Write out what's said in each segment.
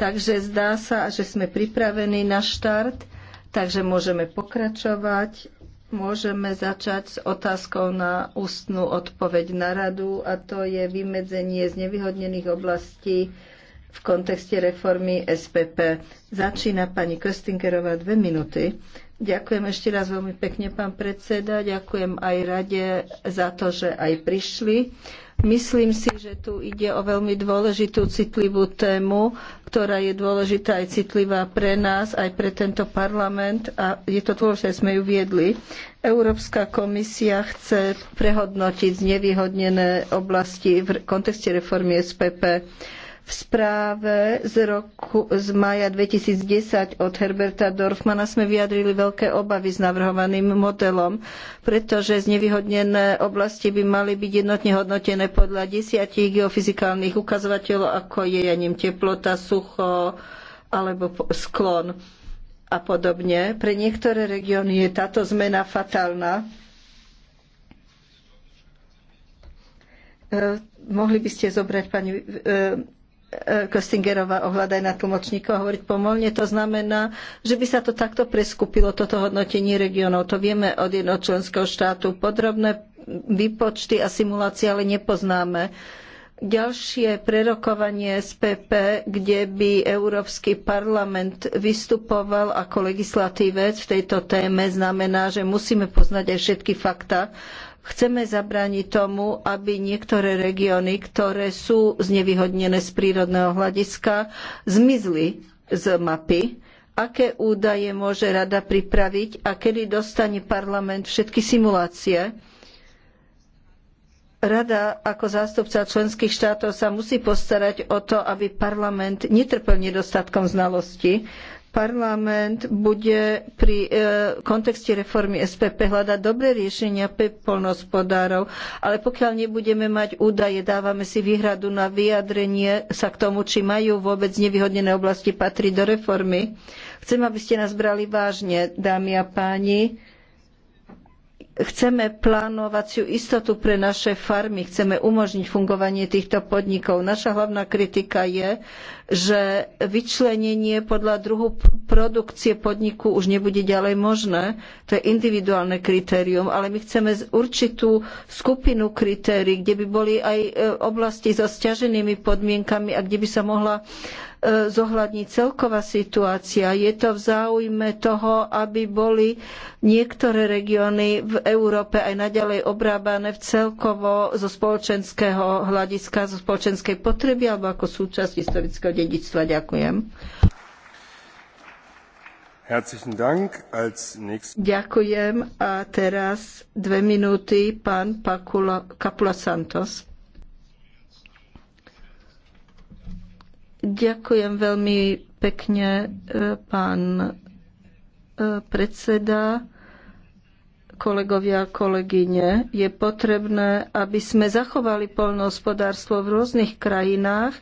Takže zdá sa, že sme pripravení na štart, takže môžeme pokračovať. Môžeme začať s otázkou na ústnu odpoveď na radu a to je vymedzenie z nevyhodnených oblastí v kontexte reformy SPP. Začína pani Köstingerová dve minúty. Ďakujem ešte raz veľmi pekne, pán predseda. Ďakujem aj rade za to, že aj prišli. Myslím si, že tu ide o veľmi dôležitú, citlivú tému, ktorá je dôležitá aj citlivá pre nás, aj pre tento parlament a je to dôležité, sme ju viedli. Európska komisia chce prehodnotiť znevýhodnené oblasti v kontexte reformy SPP v správe z, roku, z maja 2010 od Herberta Dorfmana sme vyjadrili veľké obavy s navrhovaným modelom, pretože znevýhodnené oblasti by mali byť jednotne hodnotené podľa desiatich geofyzikálnych ukazovateľov, ako je ja neviem, teplota, sucho alebo sklon a podobne. Pre niektoré regióny je táto zmena fatálna. E, mohli by ste zobrať pani e, E, Köstingerová ohľadaj na tlmočníkov hovoriť pomolne. To znamená, že by sa to takto preskupilo, toto hodnotenie regiónov. To vieme od jednoho členského štátu. Podrobné výpočty a simulácie ale nepoznáme. Ďalšie prerokovanie z PP, kde by Európsky parlament vystupoval ako legislatívec v tejto téme, znamená, že musíme poznať aj všetky fakta Chceme zabrániť tomu, aby niektoré regióny, ktoré sú znevýhodnené z prírodného hľadiska, zmizli z mapy. Aké údaje môže rada pripraviť a kedy dostane parlament všetky simulácie? Rada ako zástupca členských štátov sa musí postarať o to, aby parlament netrpel nedostatkom znalosti. Parlament bude pri e, kontexte reformy SPP hľadať dobré riešenia pre polnospodárov, ale pokiaľ nebudeme mať údaje, dávame si výhradu na vyjadrenie sa k tomu, či majú vôbec nevyhodnené oblasti patriť do reformy. Chcem, aby ste nás brali vážne, dámy a páni chceme plánovaciu istotu pre naše farmy, chceme umožniť fungovanie týchto podnikov. Naša hlavná kritika je, že vyčlenenie podľa druhu produkcie podniku už nebude ďalej možné. To je individuálne kritérium, ale my chceme určitú skupinu kritérií, kde by boli aj e, oblasti so sťaženými podmienkami a kde by sa mohla e, zohľadniť celková situácia. Je to v záujme toho, aby boli niektoré regióny v Európe aj naďalej obrábané v celkovo zo spoločenského hľadiska, zo spoločenskej potreby alebo ako súčasť historického dedičstva. Ďakujem. Ďakujem. A teraz dve minúty pán Pakula, Kapula Santos. Ďakujem veľmi pekne, e, pán e, predseda, kolegovia a kolegyne. Je potrebné, aby sme zachovali poľnohospodárstvo v rôznych krajinách,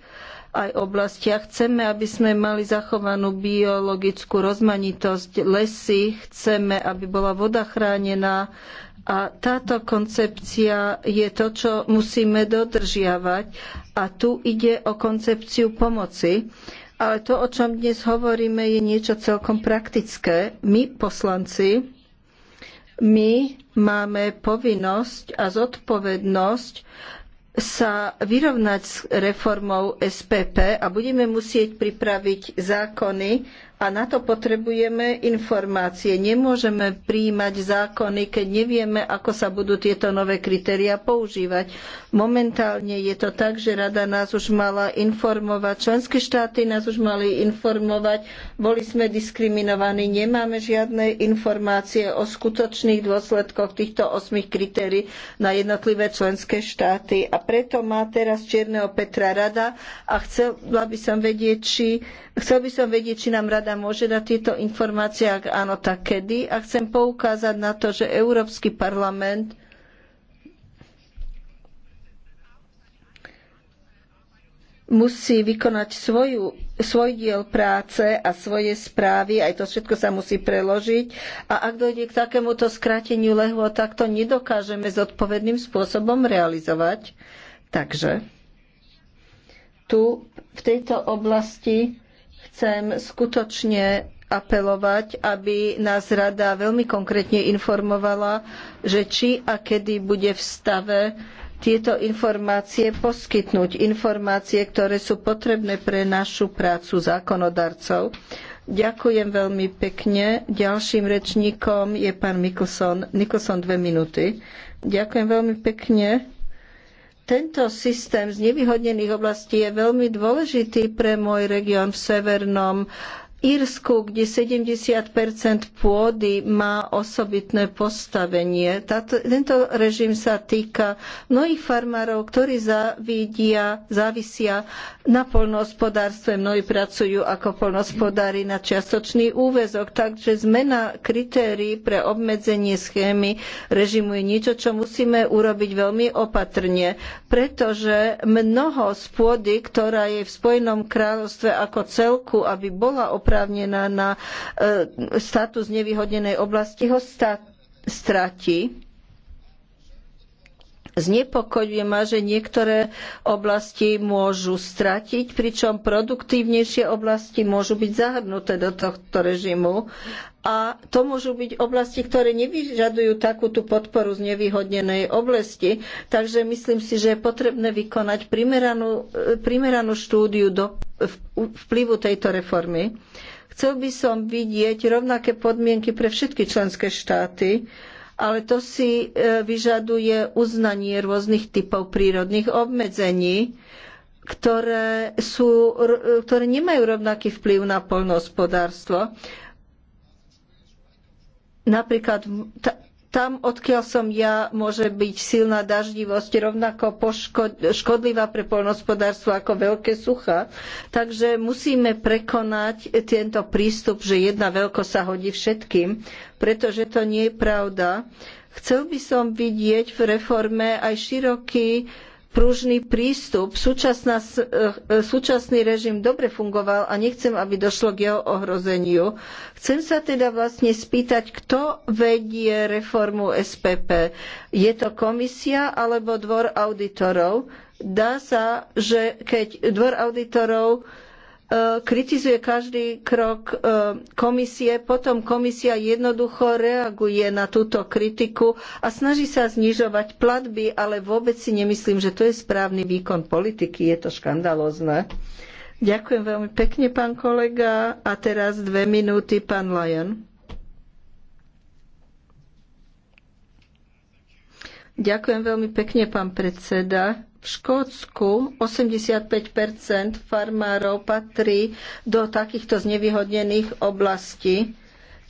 aj oblastiach. Chceme, aby sme mali zachovanú biologickú rozmanitosť lesy, chceme, aby bola voda chránená a táto koncepcia je to, čo musíme dodržiavať a tu ide o koncepciu pomoci. Ale to, o čom dnes hovoríme, je niečo celkom praktické. My, poslanci, my máme povinnosť a zodpovednosť sa vyrovnať s reformou SPP a budeme musieť pripraviť zákony a na to potrebujeme informácie. Nemôžeme príjmať zákony, keď nevieme, ako sa budú tieto nové kritéria používať. Momentálne je to tak, že rada nás už mala informovať, členské štáty nás už mali informovať, boli sme diskriminovaní, nemáme žiadne informácie o skutočných dôsledkoch týchto osmých kritérií na jednotlivé členské štáty. A preto má teraz Čierneho Petra rada a chcela by som vedieť, či, chcel by som vedieť, či nám rada môže dať tieto informácie, ak áno, tak kedy. A chcem poukázať na to, že Európsky parlament musí vykonať svoju, svoj diel práce a svoje správy, aj to všetko sa musí preložiť. A ak dojde k takémuto skráteniu lehu, tak to nedokážeme zodpovedným spôsobom realizovať. Takže tu v tejto oblasti Chcem skutočne apelovať, aby nás rada veľmi konkrétne informovala, že či a kedy bude v stave tieto informácie poskytnúť. Informácie, ktoré sú potrebné pre našu prácu zákonodarcov. Ďakujem veľmi pekne. Ďalším rečníkom je pán Nikolson. Nikolson, dve minúty. Ďakujem veľmi pekne. Tento systém z nevyhodnených oblastí je veľmi dôležitý pre môj región v severnom Írsku, kde 70 pôdy má osobitné postavenie. tento režim sa týka mnohých farmárov, ktorí závisia na poľnohospodárstve. Mnohí pracujú ako poľnohospodári na čiastočný úväzok, takže zmena kritérií pre obmedzenie schémy režimu je niečo, čo musíme urobiť veľmi opatrne, pretože mnoho z pôdy, ktorá je v Spojenom kráľovstve ako celku, aby bola oprávnená na e, status nevyhodnenej oblasti, ho stratí Znepokojuje ma, že niektoré oblasti môžu stratiť, pričom produktívnejšie oblasti môžu byť zahrnuté do tohto režimu. A to môžu byť oblasti, ktoré nevyžadujú takúto podporu z nevýhodnenej oblasti. Takže myslím si, že je potrebné vykonať primeranú, primeranú štúdiu do vplyvu tejto reformy. Chcel by som vidieť rovnaké podmienky pre všetky členské štáty, ale to si e, vyžaduje uznanie rôznych typov prírodných obmedzení, ktoré, sú, ktoré nemajú rovnaký vplyv na poľnohospodárstvo. Napríklad tam, odkiaľ som ja, môže byť silná daždivosť rovnako škodlivá pre poľnohospodárstvo ako veľké sucha. Takže musíme prekonať tento prístup, že jedna veľkosť sa hodí všetkým, pretože to nie je pravda. Chcel by som vidieť v reforme aj široký pružný prístup. Súčasná, eh, súčasný režim dobre fungoval a nechcem, aby došlo k jeho ohrozeniu. Chcem sa teda vlastne spýtať, kto vedie reformu SPP. Je to komisia alebo dvor auditorov? Dá sa, že keď dvor auditorov E, kritizuje každý krok e, komisie, potom komisia jednoducho reaguje na túto kritiku a snaží sa znižovať platby, ale vôbec si nemyslím, že to je správny výkon politiky, je to škandalózne. Ďakujem veľmi pekne, pán kolega. A teraz dve minúty, pán Lyon. Ďakujem veľmi pekne, pán predseda. V Škótsku 85 farmárov patrí do takýchto znevýhodnených oblastí.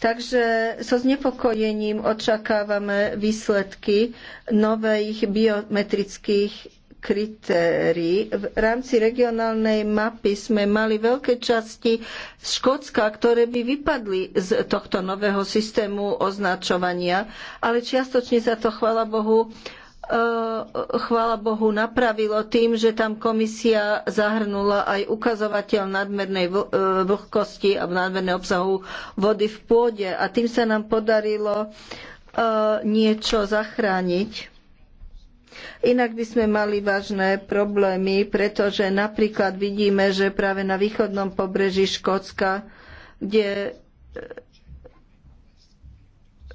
Takže so znepokojením očakávame výsledky nových biometrických kritérií. V rámci regionálnej mapy sme mali veľké časti Škótska, ktoré by vypadli z tohto nového systému označovania, ale čiastočne sa to, chvála Bohu, eh, chvála Bohu, napravilo tým, že tam komisia zahrnula aj ukazovateľ nadmernej eh, vlhkosti a nadmerného obsahu vody v pôde a tým sa nám podarilo eh, niečo zachrániť. Inak by sme mali vážne problémy, pretože napríklad vidíme, že práve na východnom pobreží Škótska, kde e,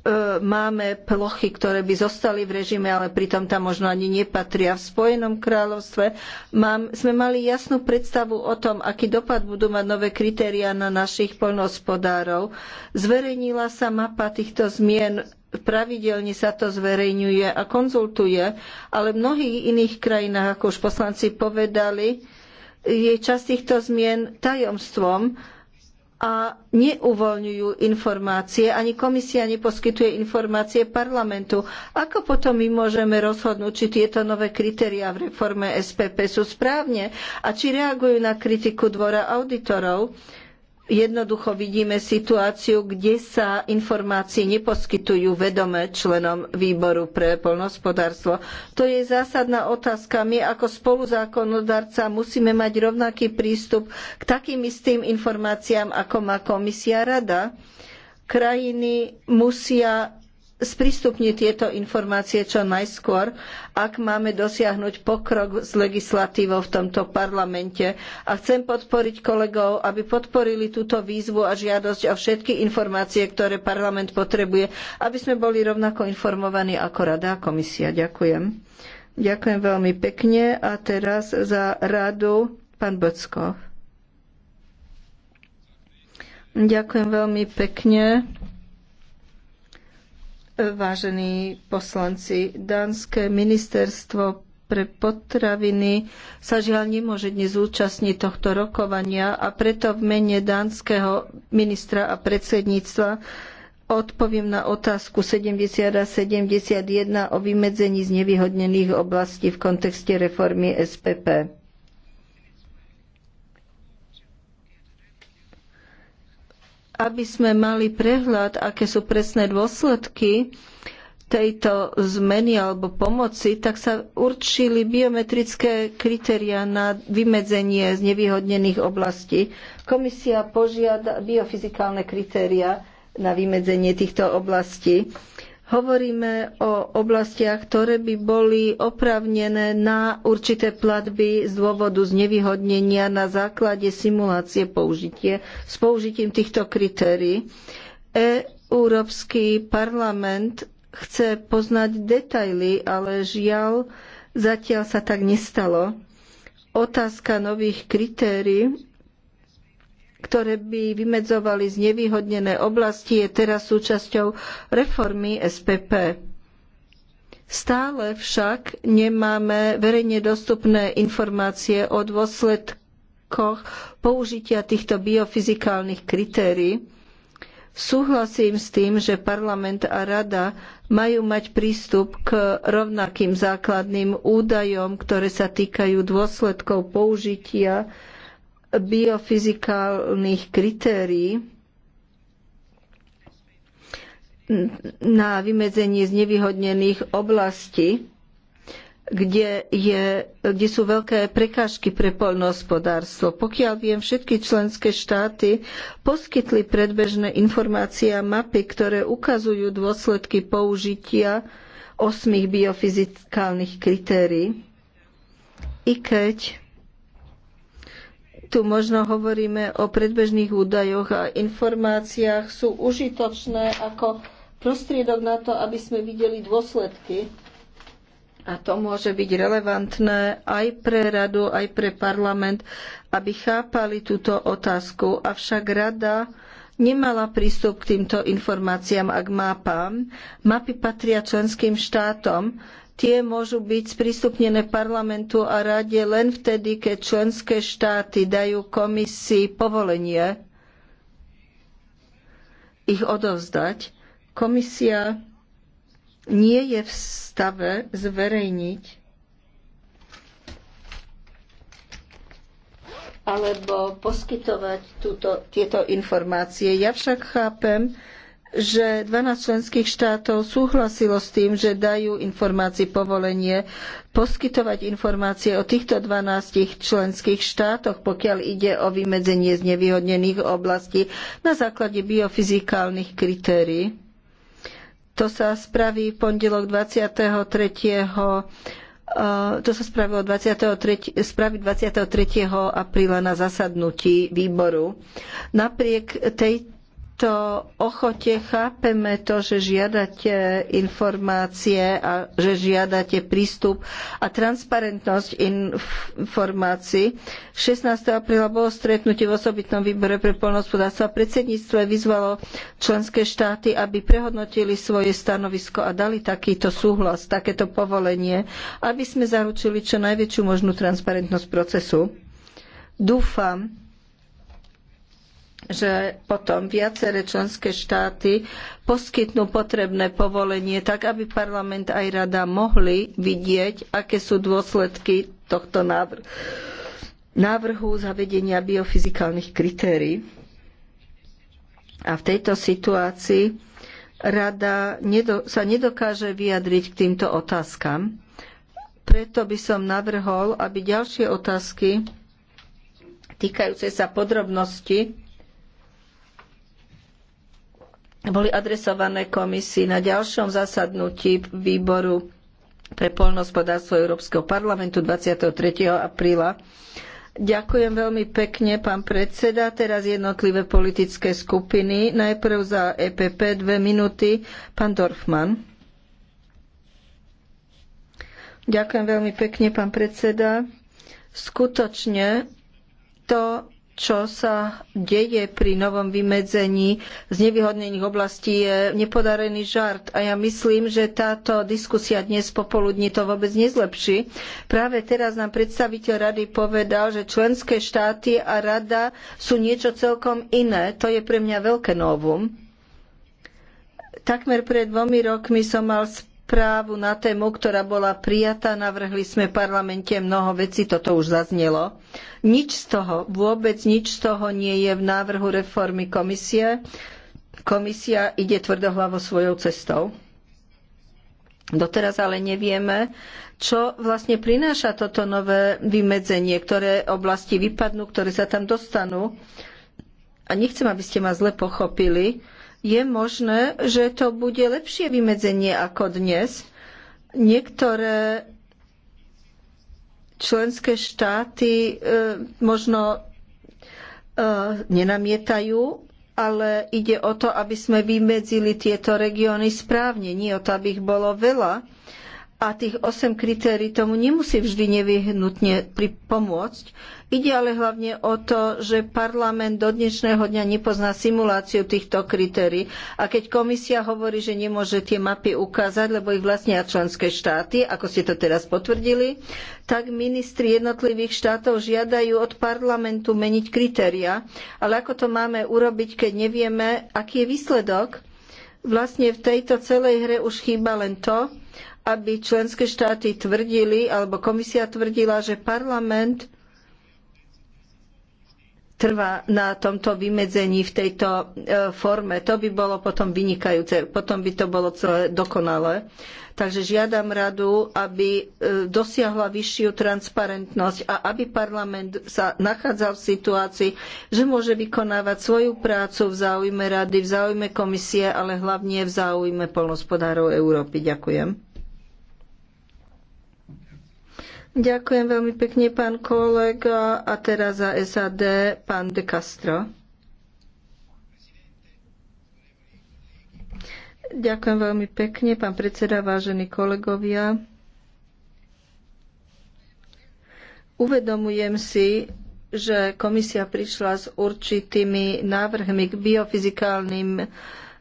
e, máme plochy, ktoré by zostali v režime, ale pritom tam možno ani nepatria. V Spojenom kráľovstve mám, sme mali jasnú predstavu o tom, aký dopad budú mať nové kritériá na našich poľnohospodárov. Zverejnila sa mapa týchto zmien pravidelne sa to zverejňuje a konzultuje, ale v mnohých iných krajinách, ako už poslanci povedali, je časť týchto zmien tajomstvom a neuvoľňujú informácie, ani komisia neposkytuje informácie parlamentu. Ako potom my môžeme rozhodnúť, či tieto nové kritériá v reforme SPP sú správne a či reagujú na kritiku dvora auditorov? Jednoducho vidíme situáciu, kde sa informácie neposkytujú vedome členom výboru pre poľnohospodárstvo. To je zásadná otázka. My ako spoluzákonodarca musíme mať rovnaký prístup k takým istým informáciám, ako má komisia rada. Krajiny musia sprístupniť tieto informácie čo najskôr, ak máme dosiahnuť pokrok s legislatívou v tomto parlamente. A chcem podporiť kolegov, aby podporili túto výzvu a žiadosť o všetky informácie, ktoré parlament potrebuje, aby sme boli rovnako informovaní ako Rada a Komisia. Ďakujem. Ďakujem veľmi pekne. A teraz za radu pán Bockov. Ďakujem veľmi pekne vážení poslanci. Dánske ministerstvo pre potraviny sa žiaľ nemôže dnes zúčastniť tohto rokovania a preto v mene dánskeho ministra a predsedníctva odpoviem na otázku 70 a 71 o vymedzení znevýhodnených oblastí v kontexte reformy SPP. aby sme mali prehľad, aké sú presné dôsledky tejto zmeny alebo pomoci, tak sa určili biometrické kritériá na vymedzenie znevýhodnených oblastí. Komisia požiada biofyzikálne kritériá na vymedzenie týchto oblastí. Hovoríme o oblastiach, ktoré by boli opravnené na určité platby z dôvodu znevýhodnenia na základe simulácie použitie s použitím týchto kritérií. Európsky parlament chce poznať detaily, ale žiaľ, zatiaľ sa tak nestalo. Otázka nových kritérií ktoré by vymedzovali znevýhodnené oblasti, je teraz súčasťou reformy SPP. Stále však nemáme verejne dostupné informácie o dôsledkoch použitia týchto biofyzikálnych kritérií. Súhlasím s tým, že parlament a rada majú mať prístup k rovnakým základným údajom, ktoré sa týkajú dôsledkov použitia biofyzikálnych kritérií na vymedzenie znevýhodnených oblastí, kde, je, kde sú veľké prekážky pre poľnohospodárstvo. Pokiaľ viem, všetky členské štáty poskytli predbežné informácie a mapy, ktoré ukazujú dôsledky použitia osmých biofyzikálnych kritérií, i keď tu možno hovoríme o predbežných údajoch a informáciách, sú užitočné ako prostriedok na to, aby sme videli dôsledky. A to môže byť relevantné aj pre radu, aj pre parlament, aby chápali túto otázku. Avšak rada nemala prístup k týmto informáciám, ak mápam. Mapy patria členským štátom Tie môžu byť sprístupnené parlamentu a rade len vtedy, keď členské štáty dajú komisii povolenie ich odovzdať. Komisia nie je v stave zverejniť alebo poskytovať túto, tieto informácie. Ja však chápem, že 12 členských štátov súhlasilo s tým, že dajú informácii povolenie poskytovať informácie o týchto 12 členských štátoch, pokiaľ ide o vymedzenie znevýhodnených oblastí na základe biofyzikálnych kritérií. To sa spraví v pondelok 23 e, to sa spravilo 23, spraví 23. apríla na zasadnutí výboru. Napriek tej, tejto ochote chápeme to, že žiadate informácie a že žiadate prístup a transparentnosť informácií. 16. apríla bolo stretnutie v osobitnom výbore pre poľnohospodárstvo a predsedníctvo vyzvalo členské štáty, aby prehodnotili svoje stanovisko a dali takýto súhlas, takéto povolenie, aby sme zaručili čo najväčšiu možnú transparentnosť procesu. Dúfam, že potom viaceré členské štáty poskytnú potrebné povolenie, tak aby parlament aj rada mohli vidieť, aké sú dôsledky tohto návrhu, návrhu zavedenia biofyzikálnych kritérií. A v tejto situácii rada sa nedokáže vyjadriť k týmto otázkam. Preto by som navrhol, aby ďalšie otázky týkajúce sa podrobnosti boli adresované komisii na ďalšom zasadnutí výboru pre poľnohospodárstvo Európskeho parlamentu 23. apríla. Ďakujem veľmi pekne, pán predseda. Teraz jednotlivé politické skupiny. Najprv za EPP dve minúty. Pán Dorfman. Ďakujem veľmi pekne, pán predseda. Skutočne to čo sa deje pri novom vymedzení z nevyhodnených oblastí, je nepodarený žart. A ja myslím, že táto diskusia dnes popoludní to vôbec nezlepší. Práve teraz nám predstaviteľ rady povedal, že členské štáty a rada sú niečo celkom iné. To je pre mňa veľké novum. Takmer pred dvomi rokmi som mal správu na tému, ktorá bola prijatá. Navrhli sme v parlamente mnoho vecí, toto už zaznelo. Nič z toho, vôbec nič z toho nie je v návrhu reformy komisie. Komisia ide tvrdohlavo svojou cestou. Doteraz ale nevieme, čo vlastne prináša toto nové vymedzenie, ktoré oblasti vypadnú, ktoré sa tam dostanú. A nechcem, aby ste ma zle pochopili je možné, že to bude lepšie vymedzenie ako dnes. Niektoré členské štáty e, možno e, nenamietajú, ale ide o to, aby sme vymedzili tieto regióny správne, nie o to, aby ich bolo veľa. A tých 8 kritérií tomu nemusí vždy nevyhnutne pomôcť Ide ale hlavne o to, že parlament do dnešného dňa nepozná simuláciu týchto kritérií. A keď komisia hovorí, že nemôže tie mapy ukázať, lebo ich vlastnia členské štáty, ako ste to teraz potvrdili, tak ministri jednotlivých štátov žiadajú od parlamentu meniť kritéria. Ale ako to máme urobiť, keď nevieme, aký je výsledok? Vlastne v tejto celej hre už chýba len to, aby členské štáty tvrdili, alebo komisia tvrdila, že parlament trvá na tomto vymedzení v tejto e, forme. To by bolo potom vynikajúce, potom by to bolo celé dokonalé. Takže žiadam radu, aby e, dosiahla vyššiu transparentnosť a aby parlament sa nachádzal v situácii, že môže vykonávať svoju prácu v záujme rady, v záujme komisie, ale hlavne v záujme polnospodárov Európy. Ďakujem. Ďakujem veľmi pekne, pán kolega. A teraz za SAD, pán De Castro. Ďakujem veľmi pekne, pán predseda, vážení kolegovia. Uvedomujem si, že komisia prišla s určitými návrhmi k biofyzikálnym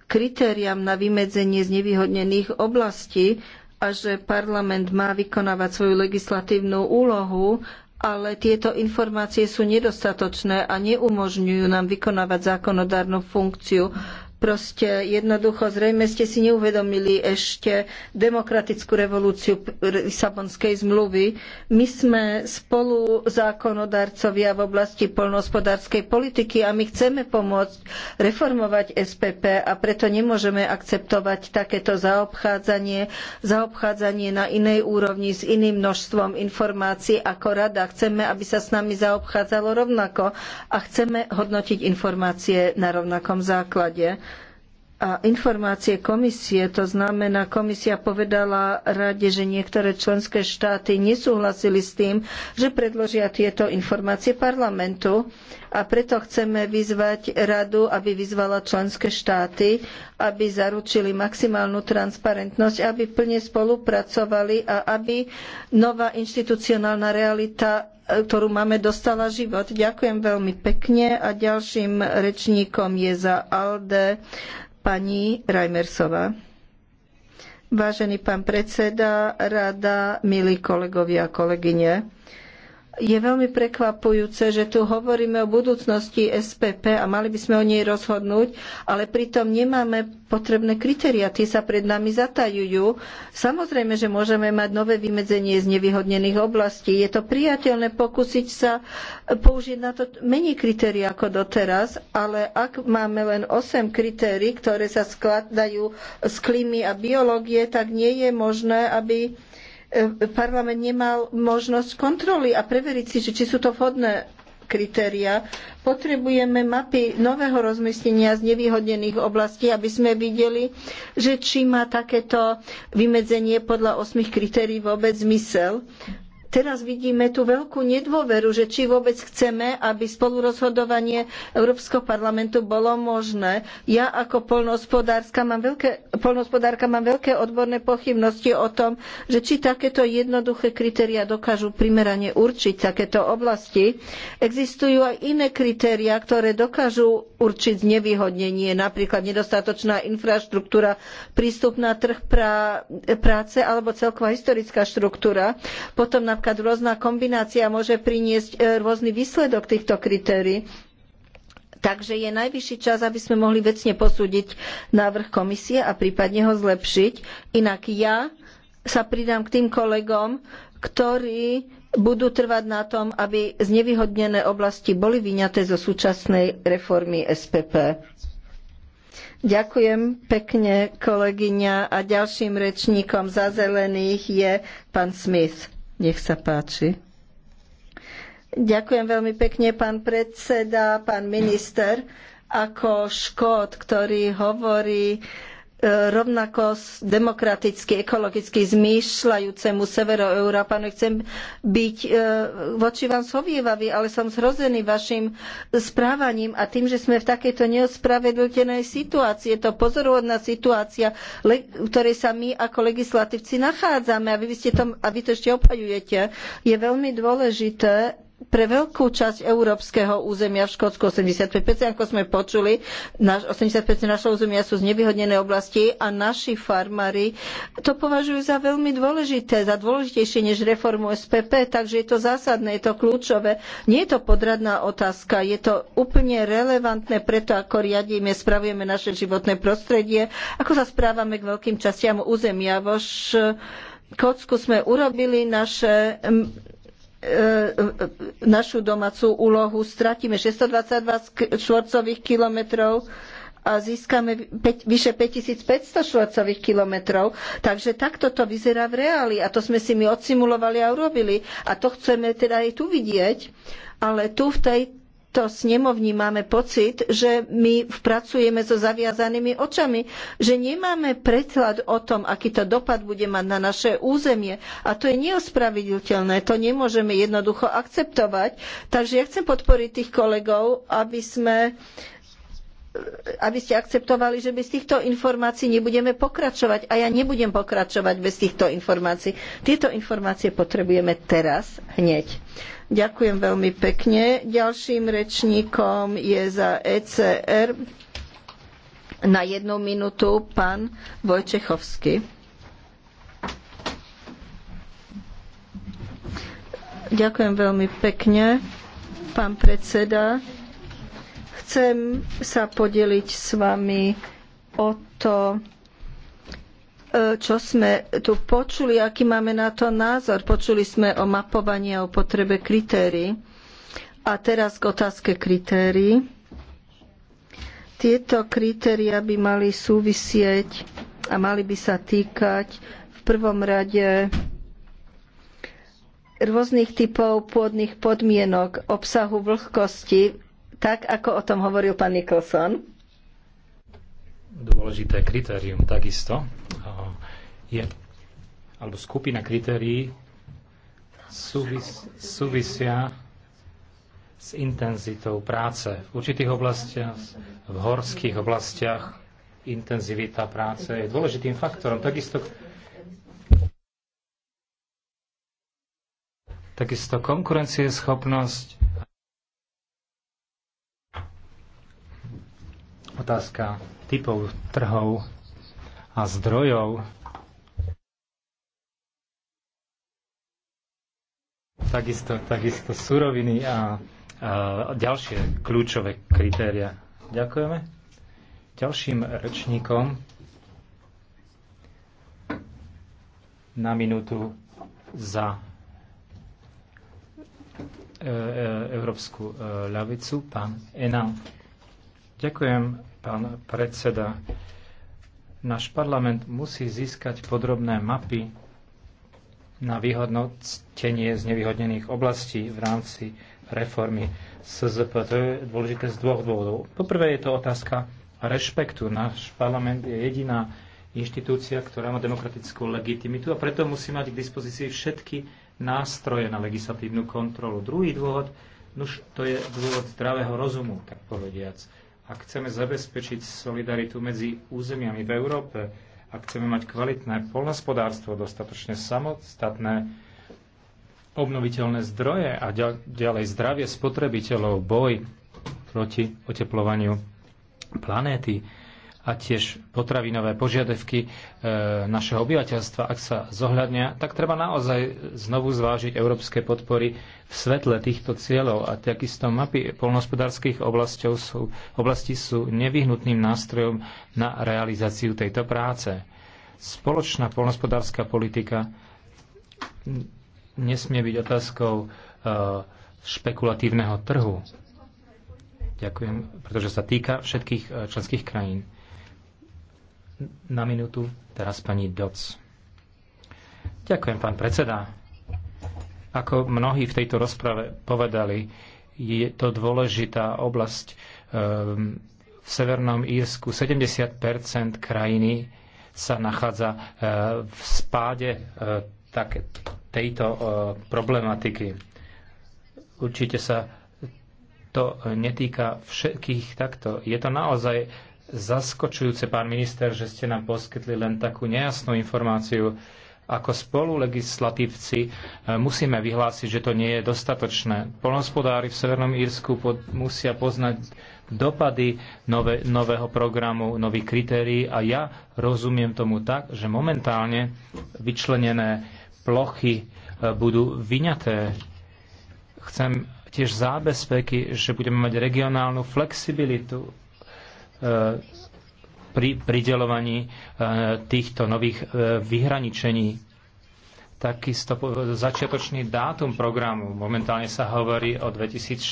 kritériám na vymedzenie znevýhodnených oblastí, a že parlament má vykonávať svoju legislatívnu úlohu, ale tieto informácie sú nedostatočné a neumožňujú nám vykonávať zákonodárnu funkciu Proste jednoducho, zrejme ste si neuvedomili ešte demokratickú revolúciu Lisabonskej zmluvy. My sme spolu zákonodarcovia v oblasti poľnohospodárskej politiky a my chceme pomôcť reformovať SPP a preto nemôžeme akceptovať takéto zaobchádzanie, zaobchádzanie na inej úrovni s iným množstvom informácií ako rada. Chceme, aby sa s nami zaobchádzalo rovnako a chceme hodnotiť informácie na rovnakom základe a informácie komisie, to znamená, komisia povedala rade, že niektoré členské štáty nesúhlasili s tým, že predložia tieto informácie parlamentu a preto chceme vyzvať radu, aby vyzvala členské štáty, aby zaručili maximálnu transparentnosť, aby plne spolupracovali a aby nová inštitucionálna realita ktorú máme, dostala život. Ďakujem veľmi pekne a ďalším rečníkom je za ALDE Pani Rajmersová. Vážený pán predseda, rada, milí kolegovia a kolegyne, je veľmi prekvapujúce, že tu hovoríme o budúcnosti SPP a mali by sme o nej rozhodnúť, ale pritom nemáme potrebné kritéria. Tie sa pred nami zatajujú. Samozrejme, že môžeme mať nové vymedzenie z nevyhodnených oblastí. Je to priateľné pokúsiť sa použiť na to menej kritérií ako doteraz, ale ak máme len 8 kritérií, ktoré sa skladajú z klímy a biológie, tak nie je možné, aby E, parlament nemal možnosť kontroly a preveriť si, či sú to vhodné kritéria. Potrebujeme mapy nového rozmestnenia z nevýhodnených oblastí, aby sme videli, že či má takéto vymedzenie podľa osmých kritérií vôbec zmysel. Teraz vidíme tú veľkú nedôveru, že či vôbec chceme, aby spolurozhodovanie Európskeho parlamentu bolo možné. Ja ako polnohospodárka mám veľké, polnohospodárka mám veľké odborné pochybnosti o tom, že či takéto jednoduché kritéria dokážu primerane určiť takéto oblasti. Existujú aj iné kritéria, ktoré dokážu určiť znevýhodnenie, napríklad nedostatočná infraštruktúra, prístup na trh práce alebo celková historická štruktúra. Potom na napríklad rôzna kombinácia môže priniesť e, rôzny výsledok týchto kritérií. Takže je najvyšší čas, aby sme mohli vecne posúdiť návrh komisie a prípadne ho zlepšiť. Inak ja sa pridám k tým kolegom, ktorí budú trvať na tom, aby znevýhodnené oblasti boli vyňaté zo súčasnej reformy SPP. Ďakujem pekne kolegyňa a ďalším rečníkom za zelených je pán Smith. Nech sa páči. Ďakujem veľmi pekne, pán predseda, pán minister. Ako Škód, ktorý hovorí E, rovnako demokraticky, ekologicky zmýšľajúcemu severoeurópanu. Chcem byť e, voči vám sovievavý, ale som zrozený vašim správaním a tým, že sme v takejto neospravedlnenej situácii. Je to pozorúhodná situácia, v ktorej sa my ako legislatívci nachádzame a vy, ste to, a vy to ešte obhajujete. Je veľmi dôležité, pre veľkú časť európskeho územia v Škótsku 85%, ako sme počuli, naš, 85% našho územia sú znevýhodnené oblasti a naši farmári to považujú za veľmi dôležité, za dôležitejšie než reformu SPP, takže je to zásadné, je to kľúčové. Nie je to podradná otázka, je to úplne relevantné preto, ako riadíme, spravujeme naše životné prostredie, ako sa správame k veľkým častiam územia. Vo Škótsku sme urobili naše E, e, našu domácu úlohu, stratíme 622 štvorcových kilometrov a získame 5, vyše 5500 štvorcových kilometrov. Takže takto to vyzerá v reáli a to sme si my odsimulovali a urobili a to chceme teda aj tu vidieť. Ale tu v tej tejto snemovni máme pocit, že my pracujeme so zaviazanými očami, že nemáme prehľad o tom, aký to dopad bude mať na naše územie. A to je neospravedlniteľné, to nemôžeme jednoducho akceptovať. Takže ja chcem podporiť tých kolegov, aby sme aby ste akceptovali, že bez týchto informácií nebudeme pokračovať. A ja nebudem pokračovať bez týchto informácií. Tieto informácie potrebujeme teraz, hneď. Ďakujem veľmi pekne. Ďalším rečníkom je za ECR na jednu minútu pán Vojčechovský. Ďakujem veľmi pekne, pán predseda. Chcem sa podeliť s vami o to, E, čo sme tu počuli, aký máme na to názor. Počuli sme o mapovaní a o potrebe kritérií. A teraz k otázke kritérií. Tieto kritéria by mali súvisieť a mali by sa týkať v prvom rade rôznych typov pôdnych podmienok, obsahu vlhkosti, tak ako o tom hovoril pán Nicholson. Dôležité kritérium takisto je, alebo skupina kritérií súvis, súvisia s intenzitou práce. V určitých oblastiach, v horských oblastiach intenzivita práce je dôležitým faktorom. Takisto, takisto konkurencieschopnosť otázka typov trhov a zdrojov takisto, takisto suroviny a, a ďalšie kľúčové kritéria. Ďakujeme. Ďalším rečníkom na minútu za e, e, Európsku e, ľavicu, pán Enan. Ďakujem, pán predseda. Náš parlament musí získať podrobné mapy na vyhodnotenie znevýhodnených oblastí v rámci reformy SZP. To je dôležité z dvoch dôvodov. Poprvé je to otázka rešpektu. Náš parlament je jediná inštitúcia, ktorá má demokratickú legitimitu a preto musí mať k dispozícii všetky nástroje na legislatívnu kontrolu. Druhý dôvod, nuž to je dôvod zdravého rozumu, tak povediac. Ak chceme zabezpečiť solidaritu medzi územiami v Európe, ak chceme mať kvalitné polnospodárstvo, dostatočne samostatné, obnoviteľné zdroje a ďalej zdravie spotrebiteľov, boj proti oteplovaniu planéty, a tiež potravinové požiadavky e, našeho obyvateľstva, ak sa zohľadnia, tak treba naozaj znovu zvážiť európske podpory v svetle týchto cieľov a takisto mapy polnospodárských oblastí sú, oblasti sú nevyhnutným nástrojom na realizáciu tejto práce. Spoločná polnospodárska politika nesmie byť otázkou e, špekulatívneho trhu. Ďakujem, pretože sa týka všetkých e, členských krajín na minútu teraz pani Doc. Ďakujem, pán predseda. Ako mnohí v tejto rozprave povedali, je to dôležitá oblasť ehm, v Severnom Írsku 70 krajiny sa nachádza eh, v spáde eh, tejto eh, problematiky. Určite sa to netýka všetkých takto. Je to naozaj zaskočujúce, pán minister, že ste nám poskytli len takú nejasnú informáciu. Ako spolu legislatívci e, musíme vyhlásiť, že to nie je dostatočné. Polnospodári v Severnom Írsku pod, musia poznať dopady nové, nového programu, nových kritérií a ja rozumiem tomu tak, že momentálne vyčlenené plochy e, budú vyňaté. Chcem tiež zábezpeky, že budeme mať regionálnu flexibilitu E, pri pridelovaní e, týchto nových e, vyhraničení. Takisto začiatočný dátum programu. Momentálne sa hovorí o 2014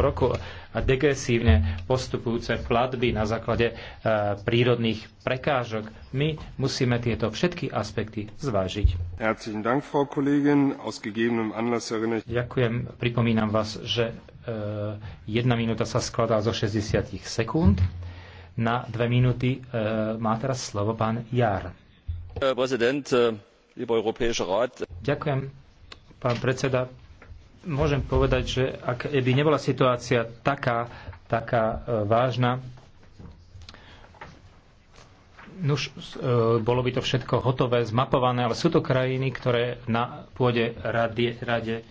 roku a degresívne postupujúce platby na základe prírodných prekážok. My musíme tieto všetky aspekty zvážiť. Ďakujem. Pripomínam vás, že jedna minúta sa skladá zo 60 sekúnd. Na dve minúty e, má teraz slovo pán Jar. Äh, Ďakujem, pán predseda. Môžem povedať, že ak by nebola situácia taká, taká e, vážna, Nuž, e, bolo by to všetko hotové, zmapované, ale sú to krajiny, ktoré na pôde rade, rade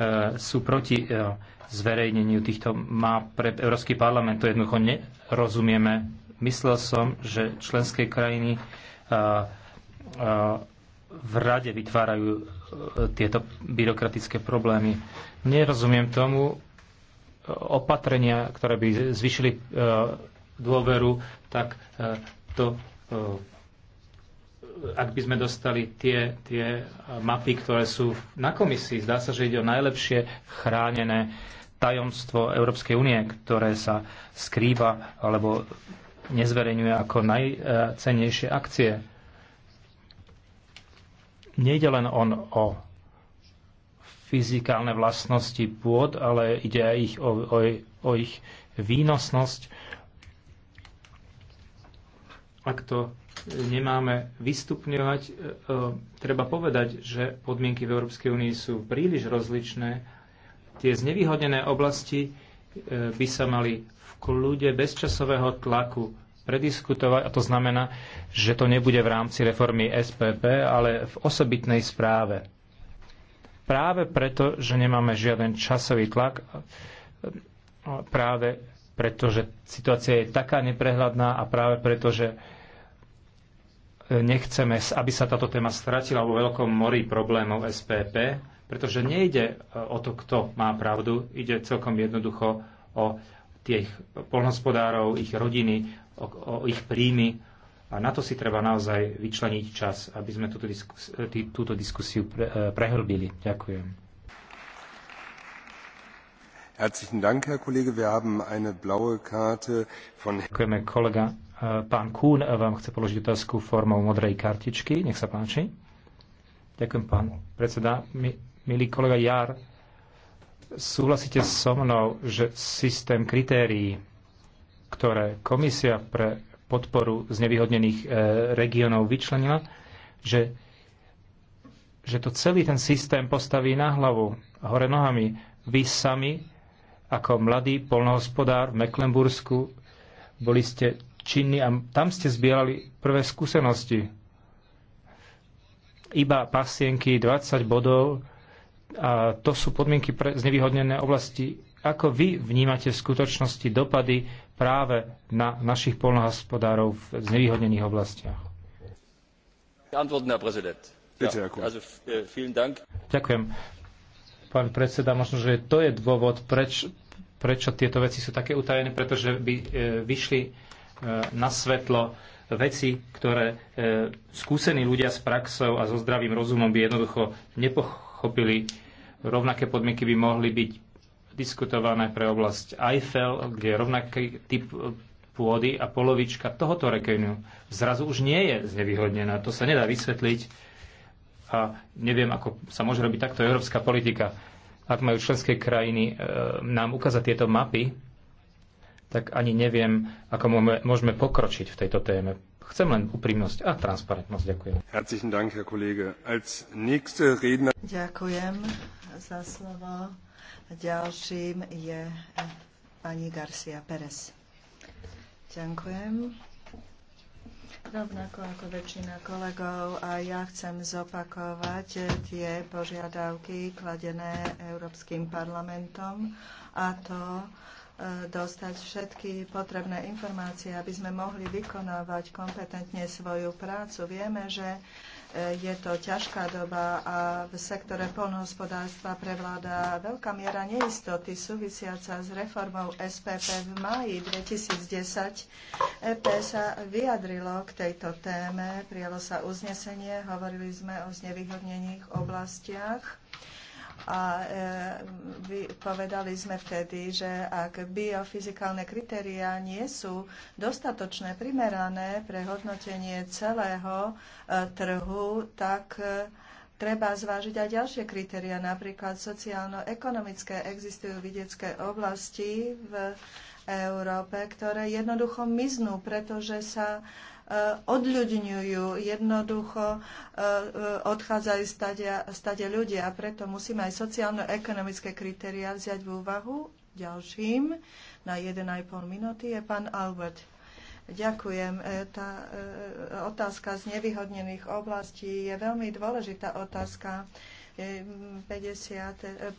E, sú proti e, zverejneniu týchto map pre Európsky parlament. To jednoducho nerozumieme. Myslel som, že členské krajiny e, v rade vytvárajú tieto byrokratické problémy. Nerozumiem tomu. Opatrenia, ktoré by zvyšili dôveru, tak to ak by sme dostali tie, tie mapy, ktoré sú na komisii. Zdá sa, že ide o najlepšie chránené tajomstvo Európskej únie, ktoré sa skrýva alebo nezverejňuje ako najcenejšie akcie. Nejde len on o fyzikálne vlastnosti pôd, ale ide aj ich o, o, o ich výnosnosť. Ak to nemáme vystupňovať. E, e, treba povedať, že podmienky v Európskej únii sú príliš rozličné. Tie znevýhodnené oblasti e, by sa mali v kľude bez časového tlaku prediskutovať a to znamená, že to nebude v rámci reformy SPP, ale v osobitnej správe. Práve preto, že nemáme žiaden časový tlak, práve preto, že situácia je taká neprehľadná a práve preto, že nechceme, aby sa táto téma stratila vo veľkom mori problémov SPP, pretože nejde e, o to, kto má pravdu, ide celkom jednoducho o tých polnospodárov, ich rodiny, o, o ich príjmy. A na to si treba naozaj vyčleniť čas, aby sme túto, diskus- e, tý, túto diskusiu pre, e, prehlbili. Ďakujem. Herzlichen Dank, Herr Kollege. Wir haben eine blaue Karte von Ďakujeme, kolega Pán Kún vám chce položiť otázku formou modrej kartičky. Nech sa páči. Ďakujem, pán predseda. Milý kolega Jar, súhlasíte so mnou, že systém kritérií, ktoré Komisia pre podporu znevýhodnených e, regiónov vyčlenila, že že to celý ten systém postaví na hlavu, hore nohami. Vy sami, ako mladý polnohospodár v Mecklenbursku, boli ste činní a tam ste zbierali prvé skúsenosti. Iba pasienky, 20 bodov a to sú podmienky pre znevýhodnené oblasti. Ako vy vnímate v skutočnosti dopady práve na našich polnohospodárov v znevýhodnených oblastiach? Äh, Ďakujem. Pán predseda, možno, že to je dôvod, preč, prečo tieto veci sú také utajené, pretože by äh, vyšli E, na svetlo veci, ktoré e, skúsení ľudia s praxou a so zdravým rozumom by jednoducho nepochopili. Rovnaké podmienky by mohli byť diskutované pre oblasť Eiffel, kde je rovnaký typ pôdy a polovička tohoto rekenu zrazu už nie je znevýhodnená. To sa nedá vysvetliť a neviem, ako sa môže robiť takto európska politika. Ak majú členské krajiny e, nám ukázať tieto mapy, tak ani neviem, ako môžeme, môžeme pokročiť v tejto téme. Chcem len úprimnosť a transparentnosť. Ďakujem. Herzlichen Dank, Herr Kollege. Als nächste Redner... Ďakujem za slovo. Ďalším je eh, pani Garcia Perez. Ďakujem. Rovnako ako väčšina kolegov a ja chcem zopakovať eh, tie požiadavky kladené Európskym parlamentom a to dostať všetky potrebné informácie, aby sme mohli vykonávať kompetentne svoju prácu. Vieme, že e, je to ťažká doba a v sektore polnohospodárstva prevláda veľká miera neistoty súvisiaca s reformou SPP v máji 2010. EP sa vyjadrilo k tejto téme, prijalo sa uznesenie, hovorili sme o znevýhodnených oblastiach a e, povedali sme vtedy, že ak biofyzikálne kritériá nie sú dostatočné, primerané pre hodnotenie celého e, trhu, tak e, treba zvážiť aj ďalšie kritéria, napríklad sociálno-ekonomické. Existujú vidiecké oblasti v Európe, ktoré jednoducho miznú, pretože sa e, Eh, odľudňujú, jednoducho eh, odchádzajú stadia, ľudia a preto musíme aj sociálno-ekonomické kritéria vziať v úvahu. Ďalším na 1,5 minúty je pán Albert. Ďakujem. Eh, tá otázka z nevyhodnených oblastí je veľmi dôležitá otázka. 50 eh,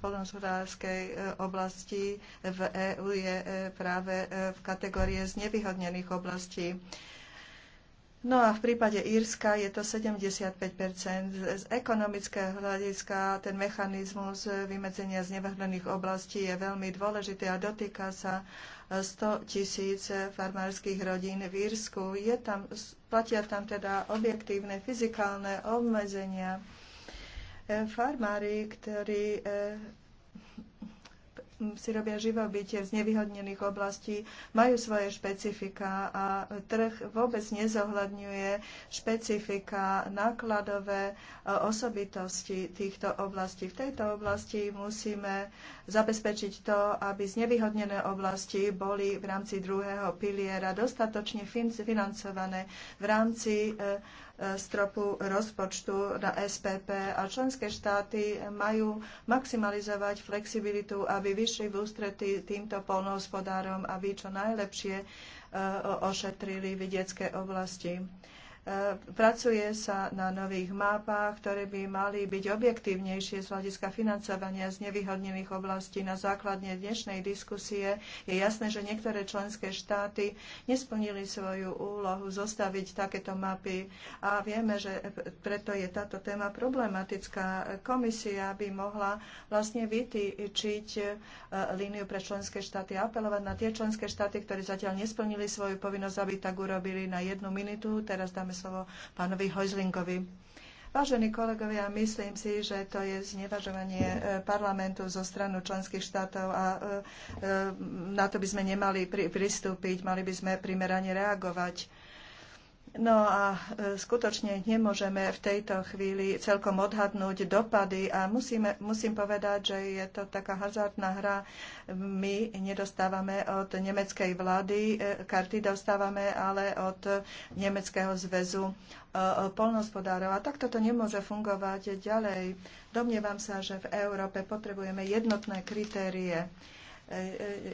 polnohospodárskej eh, oblasti v EÚ je eh, práve v kategórie znevýhodnených oblastí. No a v prípade Írska je to 75 Z ekonomického hľadiska ten mechanizmus vymedzenia znevýhodnených oblastí je veľmi dôležitý a dotýka sa 100 tisíc farmárskych rodín v Írsku. Je tam, platia tam teda objektívne fyzikálne obmedzenia farmári, ktorí eh, si robia živobytie z nevyhodnených oblastí, majú svoje špecifika a trh vôbec nezohľadňuje špecifika, nákladové eh, osobitosti týchto oblastí. V tejto oblasti musíme zabezpečiť to, aby znevýhodnené oblasti boli v rámci druhého piliera dostatočne financované v rámci eh, stropu rozpočtu na SPP a členské štáty majú maximalizovať flexibilitu, aby vyšli v ústrety týmto polnohospodárom, aby čo najlepšie eh, ošetrili vidiecké oblasti. E, pracuje sa na nových mapách, ktoré by mali byť objektívnejšie z hľadiska financovania z nevyhodnených oblastí. Na základne dnešnej diskusie je jasné, že niektoré členské štáty nesplnili svoju úlohu zostaviť takéto mapy a vieme, že preto je táto téma problematická. Komisia by mohla vlastne vytýčiť e, líniu pre členské štáty a apelovať na tie členské štáty, ktoré zatiaľ nesplnili svoju povinnosť, aby tak urobili na jednu minutu. Teraz dáme dáme slovo pánovi Hojzlingovi. Vážení kolegovia, myslím si, že to je znevažovanie e, parlamentu zo stranu členských štátov a e, e, na to by sme nemali pristúpiť, mali by sme primerane reagovať No a e, skutočne nemôžeme v tejto chvíli celkom odhadnúť dopady a musíme, musím povedať, že je to taká hazardná hra. My nedostávame od nemeckej vlády e, karty, dostávame ale od Nemeckého zväzu e, polnospodárov. A takto to nemôže fungovať ďalej. Domnievam sa, že v Európe potrebujeme jednotné kritérie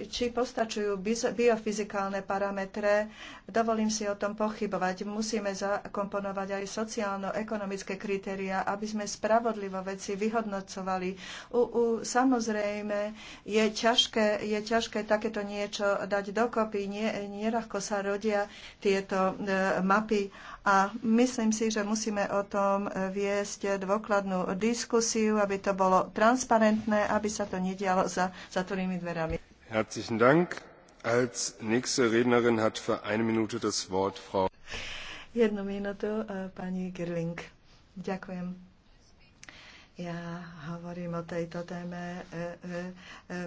či postačujú biofyzikálne parametre, dovolím si o tom pochybovať. Musíme zakomponovať aj sociálno-ekonomické kritéria, aby sme spravodlivo veci vyhodnocovali. U, u, samozrejme, je ťažké, je ťažké takéto niečo dať dokopy. Nie, nerahko sa rodia tieto e, mapy a myslím si, že musíme o tom viesť dôkladnú diskusiu, aby to bolo transparentné, aby sa to nedialo za zatvorenými dverami. Herzlichen Dank. Als nächste Rednerin hat für eine Minute das Wort Frau. Jednu minútu, eh, pani Ďakujem. Ja hovorím o tejto téme e, e, e,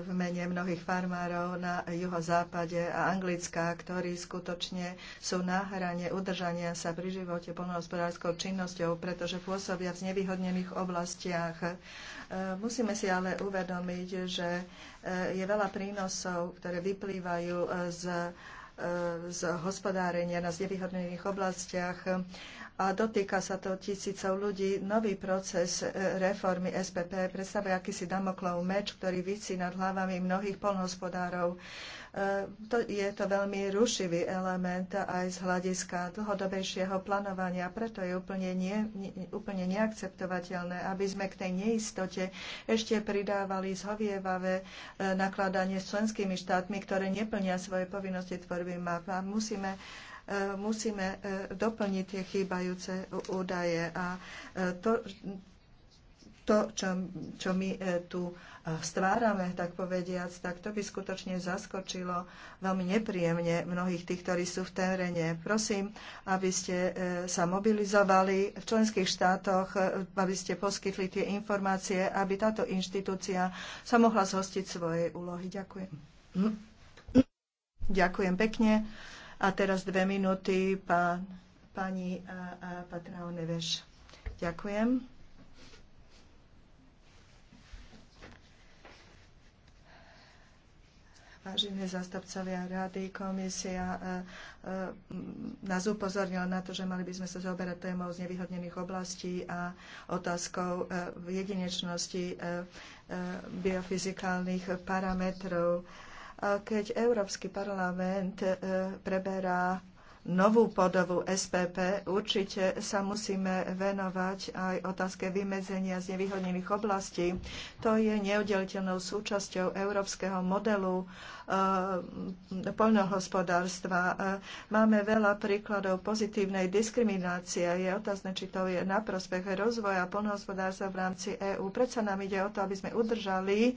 v mene mnohých farmárov na juhozápade a Anglická, ktorí skutočne sú na hrane udržania sa pri živote polnohospodárskou činnosťou, pretože pôsobia v znevýhodnených oblastiach. Musíme si ale uvedomiť, že je veľa prínosov, ktoré vyplývajú z z hospodárenia na znevýhodnených oblastiach a dotýka sa to tisícov ľudí. Nový proces e, reformy SPP predstavuje akýsi damoklov meč, ktorý vysí nad hlavami mnohých polnohospodárov. E, to, je to veľmi rušivý element aj z hľadiska dlhodobejšieho plánovania, preto je úplne, nie, úplne neakceptovateľné, aby sme k tej neistote ešte pridávali zhovievavé e, nakladanie s členskými štátmi, ktoré neplnia svoje povinnosti tvorby map. A musíme E, musíme e, doplniť tie chýbajúce údaje. A e, to, to, čo, čo my tu stvárame, tak povediac, tak to by skutočne zaskočilo veľmi nepríjemne mnohých tých, ktorí sú v teréne. Prosím, aby ste sa mobilizovali v členských štátoch, aby ste poskytli tie informácie, aby táto inštitúcia sa mohla zhostiť svojej úlohy. Ďakujem. Hm? Ďakujem pekne. A teraz dve minúty pán, pani Patrao Neveš. Ďakujem. Vážení zastupcovia rady, komisia nás upozornila na to, že mali by sme sa zaoberať témou z nevyhodnených oblastí a otázkou e, jedinečnosti e, e, biofyzikálnych parametrov keď Európsky parlament e, preberá novú podobu SPP, určite sa musíme venovať aj otázke vymedzenia z nevýhodnených oblastí. To je neoddeliteľnou súčasťou európskeho modelu e, poľnohospodárstva. E, máme veľa príkladov pozitívnej diskriminácie. Je otázne, či to je na prospech rozvoja poľnohospodárstva v rámci EÚ. Predsa nám ide o to, aby sme udržali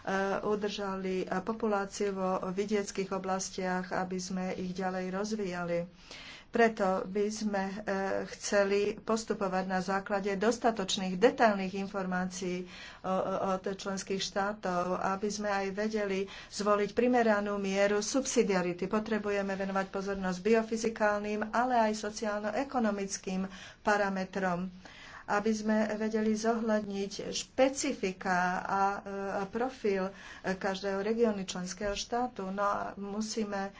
Eh, udržali eh, populáciu vo vidieckých oblastiach, aby sme ich ďalej rozvíjali. Preto by sme eh, chceli postupovať na základe dostatočných detailných informácií od členských štátov, aby sme aj vedeli zvoliť primeranú mieru subsidiarity. Potrebujeme venovať pozornosť biofyzikálnym, ale aj sociálno-ekonomickým parametrom aby sme vedeli zohľadniť špecifika a profil každého regiónu členského štátu. No a musíme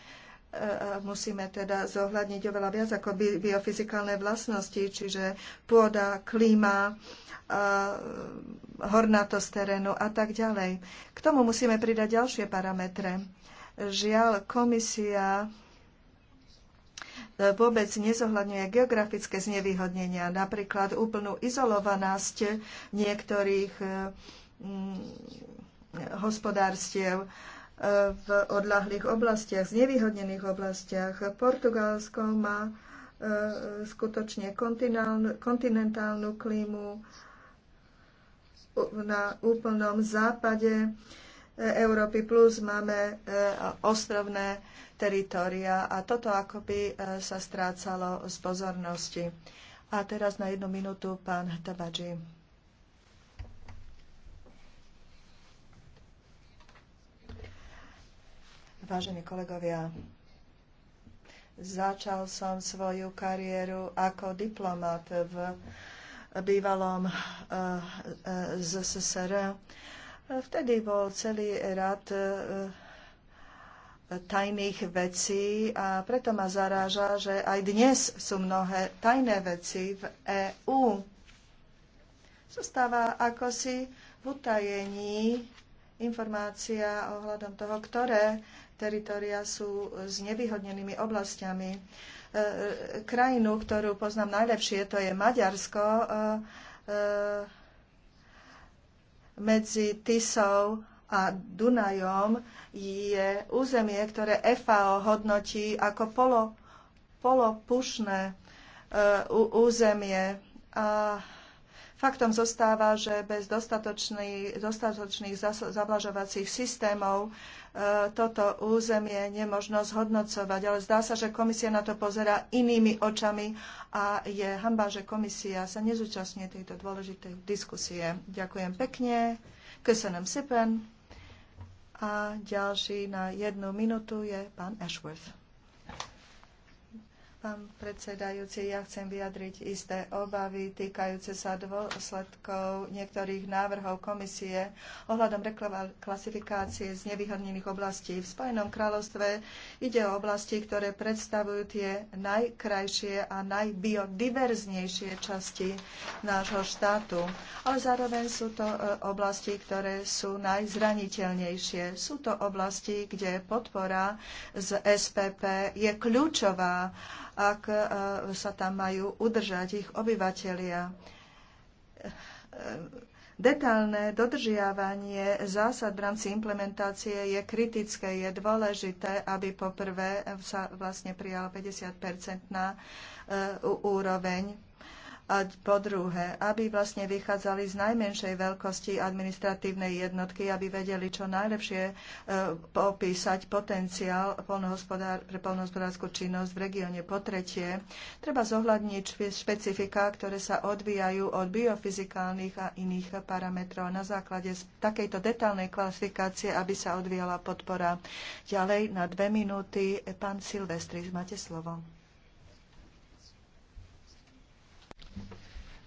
e, musíme teda zohľadniť oveľa viac ako biofyzikálne vlastnosti, čiže pôda, klíma, e, hornatosť terénu a tak ďalej. K tomu musíme pridať ďalšie parametre. Žiaľ, komisia vôbec nezohľadňuje geografické znevýhodnenia, napríklad úplnú izolovanosť niektorých eh, mm, hospodárstiev eh, v odlahlých oblastiach, znevýhodnených oblastiach. Portugalsko má eh, skutočne kontinentálnu klímu na úplnom západe Európy, plus máme ostrovné teritoria a toto akoby e, sa strácalo z pozornosti. A teraz na jednu minútu pán Tabadži. Vážení kolegovia, začal som svoju kariéru ako diplomat v bývalom e, e, ZSSR. Vtedy bol celý rad tajných vecí a preto ma zaráža, že aj dnes sú mnohé tajné veci v EÚ. Zostáva ako si v utajení informácia ohľadom toho, ktoré teritoria sú s nevyhodnenými oblastiami. E, krajinu, ktorú poznám najlepšie, to je Maďarsko, e, e, medzi Tisou a Dunajom je územie, ktoré FAO hodnotí ako polo, polopušné e, územie. A faktom zostáva, že bez dostatočných, dostatočných zablažovacích systémov e, toto územie nemožno zhodnocovať. Ale zdá sa, že komisia na to pozera inými očami a je hamba, že komisia sa nezúčastní tejto dôležitej diskusie. Ďakujem pekne. Köszönöm szépen! a ďalší na jednu minútu je pán Ashworth. Pán predsedajúci, ja chcem vyjadriť isté obavy týkajúce sa dôsledkov niektorých návrhov komisie ohľadom klasifikácie z nevyhodnených oblastí. V Spojenom kráľovstve ide o oblasti, ktoré predstavujú tie najkrajšie a najbiodiverznejšie časti nášho štátu. Ale zároveň sú to e, oblasti, ktoré sú najzraniteľnejšie. Sú to oblasti, kde podpora z SPP je kľúčová ak e, sa tam majú udržať ich obyvatelia. E, Detálne dodržiavanie zásad v rámci implementácie je kritické. Je dôležité, aby poprvé sa vlastne prijala 50-percentná e, úroveň a po druhé, aby vlastne vychádzali z najmenšej veľkosti administratívnej jednotky, aby vedeli čo najlepšie e, popísať potenciál pre polnohospodárskú činnosť v regióne. Po tretie, treba zohľadniť špecifika, ktoré sa odvíjajú od biofyzikálnych a iných parametrov na základe takejto detálnej klasifikácie, aby sa odvíjala podpora. Ďalej na dve minúty pán Silvestris, máte slovo.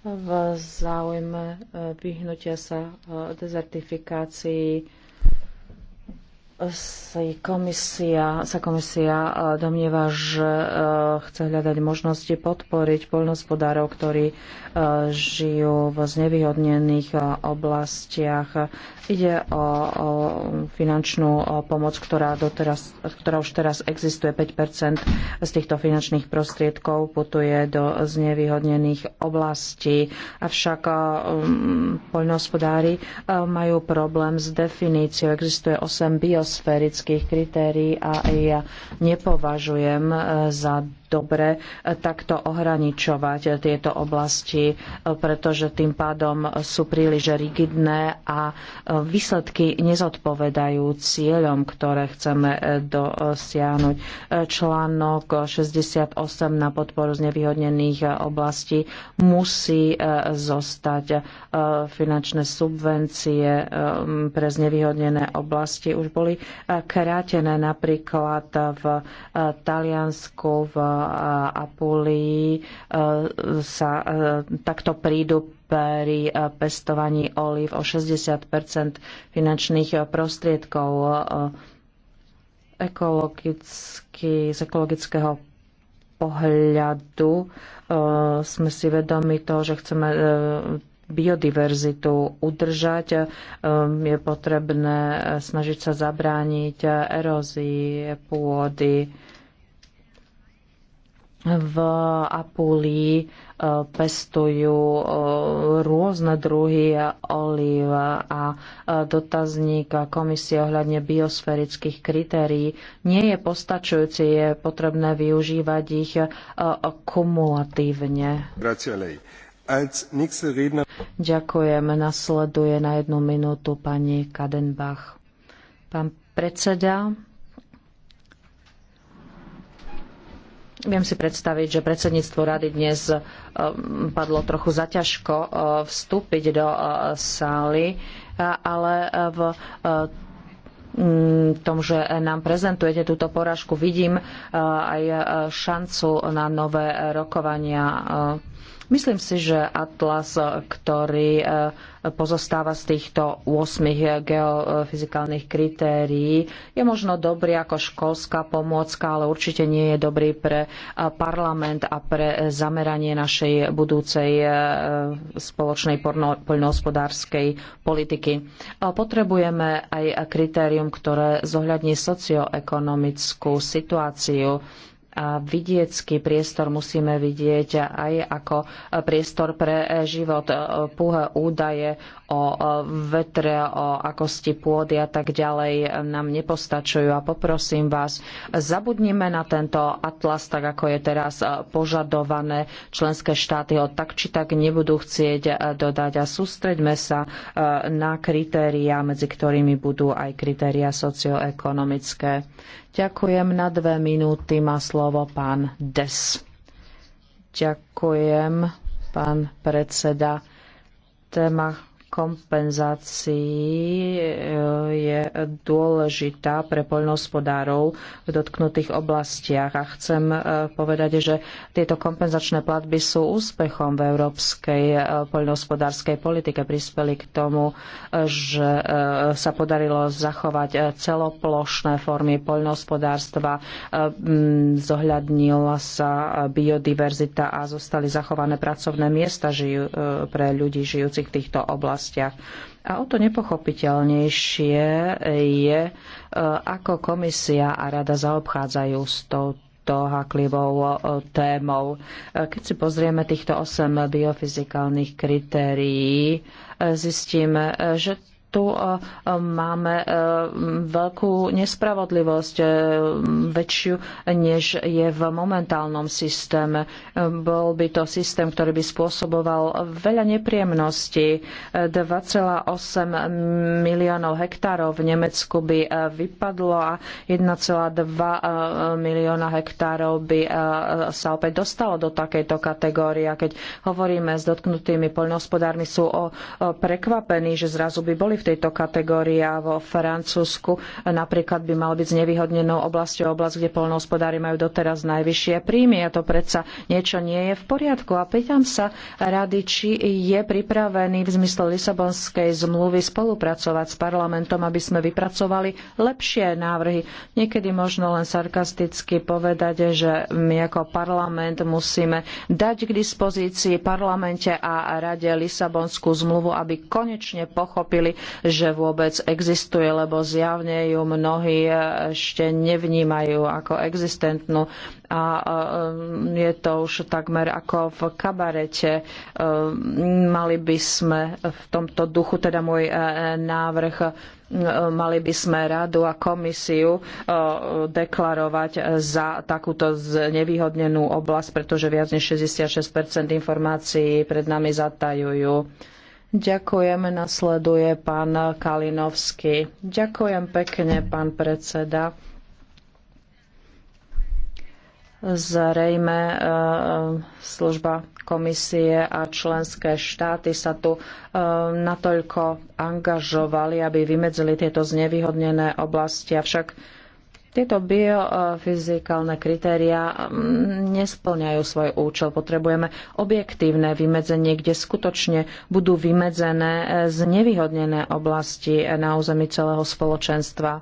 v záujme eh, vyhnutia sa eh, dezertifikácii si komisia, sa komisia e, domnieva, že e, chce hľadať možnosti podporiť poľnohospodárov, ktorí e, žijú v znevýhodnených oblastiach. Ide o, finančnú pomoc, ktorá, doteraz, ktorá už teraz existuje. 5 z týchto finančných prostriedkov putuje do znevýhodnených oblastí. Avšak poľnohospodári majú problém s definíciou. Existuje 8 bios atmosférických kritérií a ja nepovažujem eh, za dobre e, takto ohraničovať e, tieto oblasti, e, pretože tým pádom sú príliš rigidné a výsledky nezodpovedajú cieľom, ktoré chceme dosiahnuť. Článok 68 na podporu znevýhodnených oblastí musí zostať finančné subvencie pre znevýhodnené oblasti. Už boli krátené napríklad v Taliansku, v Apulii e, sa e, takto prídu pri e, pestovaní olív o 60 finančných prostriedkov ekologicky, z ekologického pohľadu sme si vedomi toho, že chceme biodiverzitu udržať. Je potrebné snažiť sa zabrániť erózii pôdy v Apulii e, pestujú e, rôzne druhy olív a e, dotazník komisie ohľadne biosférických kritérií nie je postačujúci, je potrebné využívať ich kumulatívne. Ďakujem. Nasleduje na jednu minútu pani Kadenbach. Pán predseda, Viem si predstaviť, že predsedníctvo rady dnes eh, padlo trochu zaťažko eh, vstúpiť do eh, sály, ale v mm, tom, že nám prezentujete túto porážku, vidím aj šancu na nové rokovania Myslím si, že atlas, ktorý e, pozostáva z týchto 8 geofyzikálnych kritérií, je možno dobrý ako školská pomôcka, ale určite nie je dobrý pre e, parlament a pre zameranie našej budúcej e, spoločnej poľnohospodárskej politiky. Potrebujeme aj kritérium, ktoré zohľadní socioekonomickú situáciu a vidiecký priestor musíme vidieť aj ako priestor pre život. Púha údaje o vetre, o akosti pôdy a tak ďalej nám nepostačujú. A poprosím vás, zabudnime na tento atlas, tak ako je teraz e, požadované. Členské štáty ho tak či tak nebudú chcieť e, dodať a sústreďme sa e, na kritériá, medzi ktorými budú aj kritériá socioekonomické. Ďakujem. Na dve minúty má slovo pán Des. Ďakujem, pán predseda. Téma kompenzácií eh, je dôležitá pre poľnohospodárov v dotknutých oblastiach. A chcem eh, povedať, že tieto kompenzačné platby sú úspechom v európskej eh, poľnohospodárskej politike. Prispeli k tomu, že sa podarilo zachovať celoplošné formy poľnohospodárstva, zohľadnila sa biodiverzita a zostali zachované pracovné miesta pre ľudí žijúcich v týchto oblastiach oblastiach. A o to nepochopiteľnejšie je, e, ako komisia a rada zaobchádzajú s tou to haklivou e, témou. E, keď si pozrieme týchto 8 biofyzikálnych kritérií, zistíme, že tu e, e, máme e, veľkú nespravodlivosť, väčšiu, než je v momentálnom systéme. Bol by to systém, ktorý by spôsoboval veľa nepriemností. 2,8 miliónov hektárov v Nemecku by vypadlo a 1,2 milióna hektárov by sa opäť dostalo do takejto kategórie. A keď hovoríme s dotknutými poľnohospodármi, sú prekvapení, že zrazu by boli v v tejto kategórii a vo Francúzsku napríklad by mal byť znevýhodnenou oblasťou oblasť, kde polnohospodári majú doteraz najvyššie príjmy a to predsa niečo nie je v poriadku. A pýtam sa rady, či je pripravený v zmysle Lisabonskej zmluvy spolupracovať s parlamentom, aby sme vypracovali lepšie návrhy. Niekedy možno len sarkasticky povedať, že my ako parlament musíme dať k dispozícii parlamente a rade Lisabonskú zmluvu, aby konečne pochopili, že vôbec existuje, lebo zjavne ju mnohí ešte nevnímajú ako existentnú a e, je to už takmer ako v kabarete. E, mali by sme v tomto duchu, teda môj e, návrh, mali by sme radu a komisiu deklarovať za takúto znevýhodnenú oblasť, pretože viac než 66 informácií pred nami zatajujú. Ďakujem, nasleduje pán Kalinovský. Ďakujem pekne, pán predseda. Zrejme e, e, služba komisie a členské štáty sa tu e, natoľko angažovali, aby vymedzili tieto znevýhodnené oblasti. Avšak tieto biofyzikálne kritéria mm, nesplňajú svoj účel. Potrebujeme objektívne vymedzenie, kde skutočne budú vymedzené e, znevýhodnené oblasti na území celého spoločenstva. E,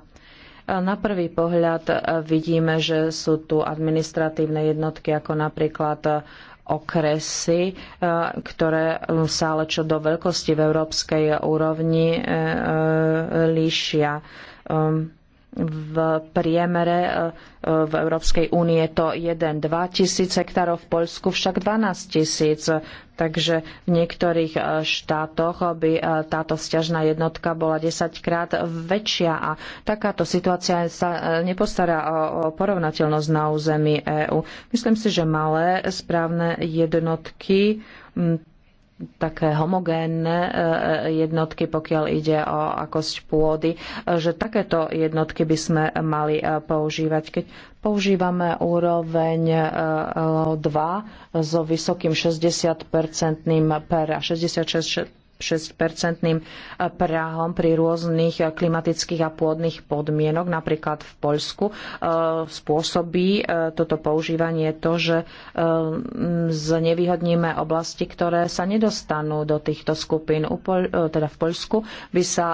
na prvý pohľad e, vidíme, že sú tu administratívne jednotky ako napríklad okresy, ktoré sa ale čo do veľkosti v európskej úrovni líšia. Ehm, v priemere e, e, v Európskej únie to 1-2 tisíc hektárov, v Poľsku však 12 tisíc. Takže v niektorých e, štátoch by táto vzťažná jednotka bola 10 krát väčšia a takáto situácia sa nepostará o porovnateľnosť na území EÚ. Myslím si, že malé správne jednotky také homogénne e, e, jednotky, pokiaľ ide o akosť pôdy, e, že takéto jednotky by sme mali používať. Keď používame úroveň 2 so vysokým 60-percentným per a 66 6-percentným eh, prahom pri rôznych eh, klimatických a pôdnych podmienok, napríklad v Poľsku, eh, spôsobí toto používanie to, že znevýhodníme oblasti, ktoré sa nedostanú do týchto skupín. Teda v Poľsku by sa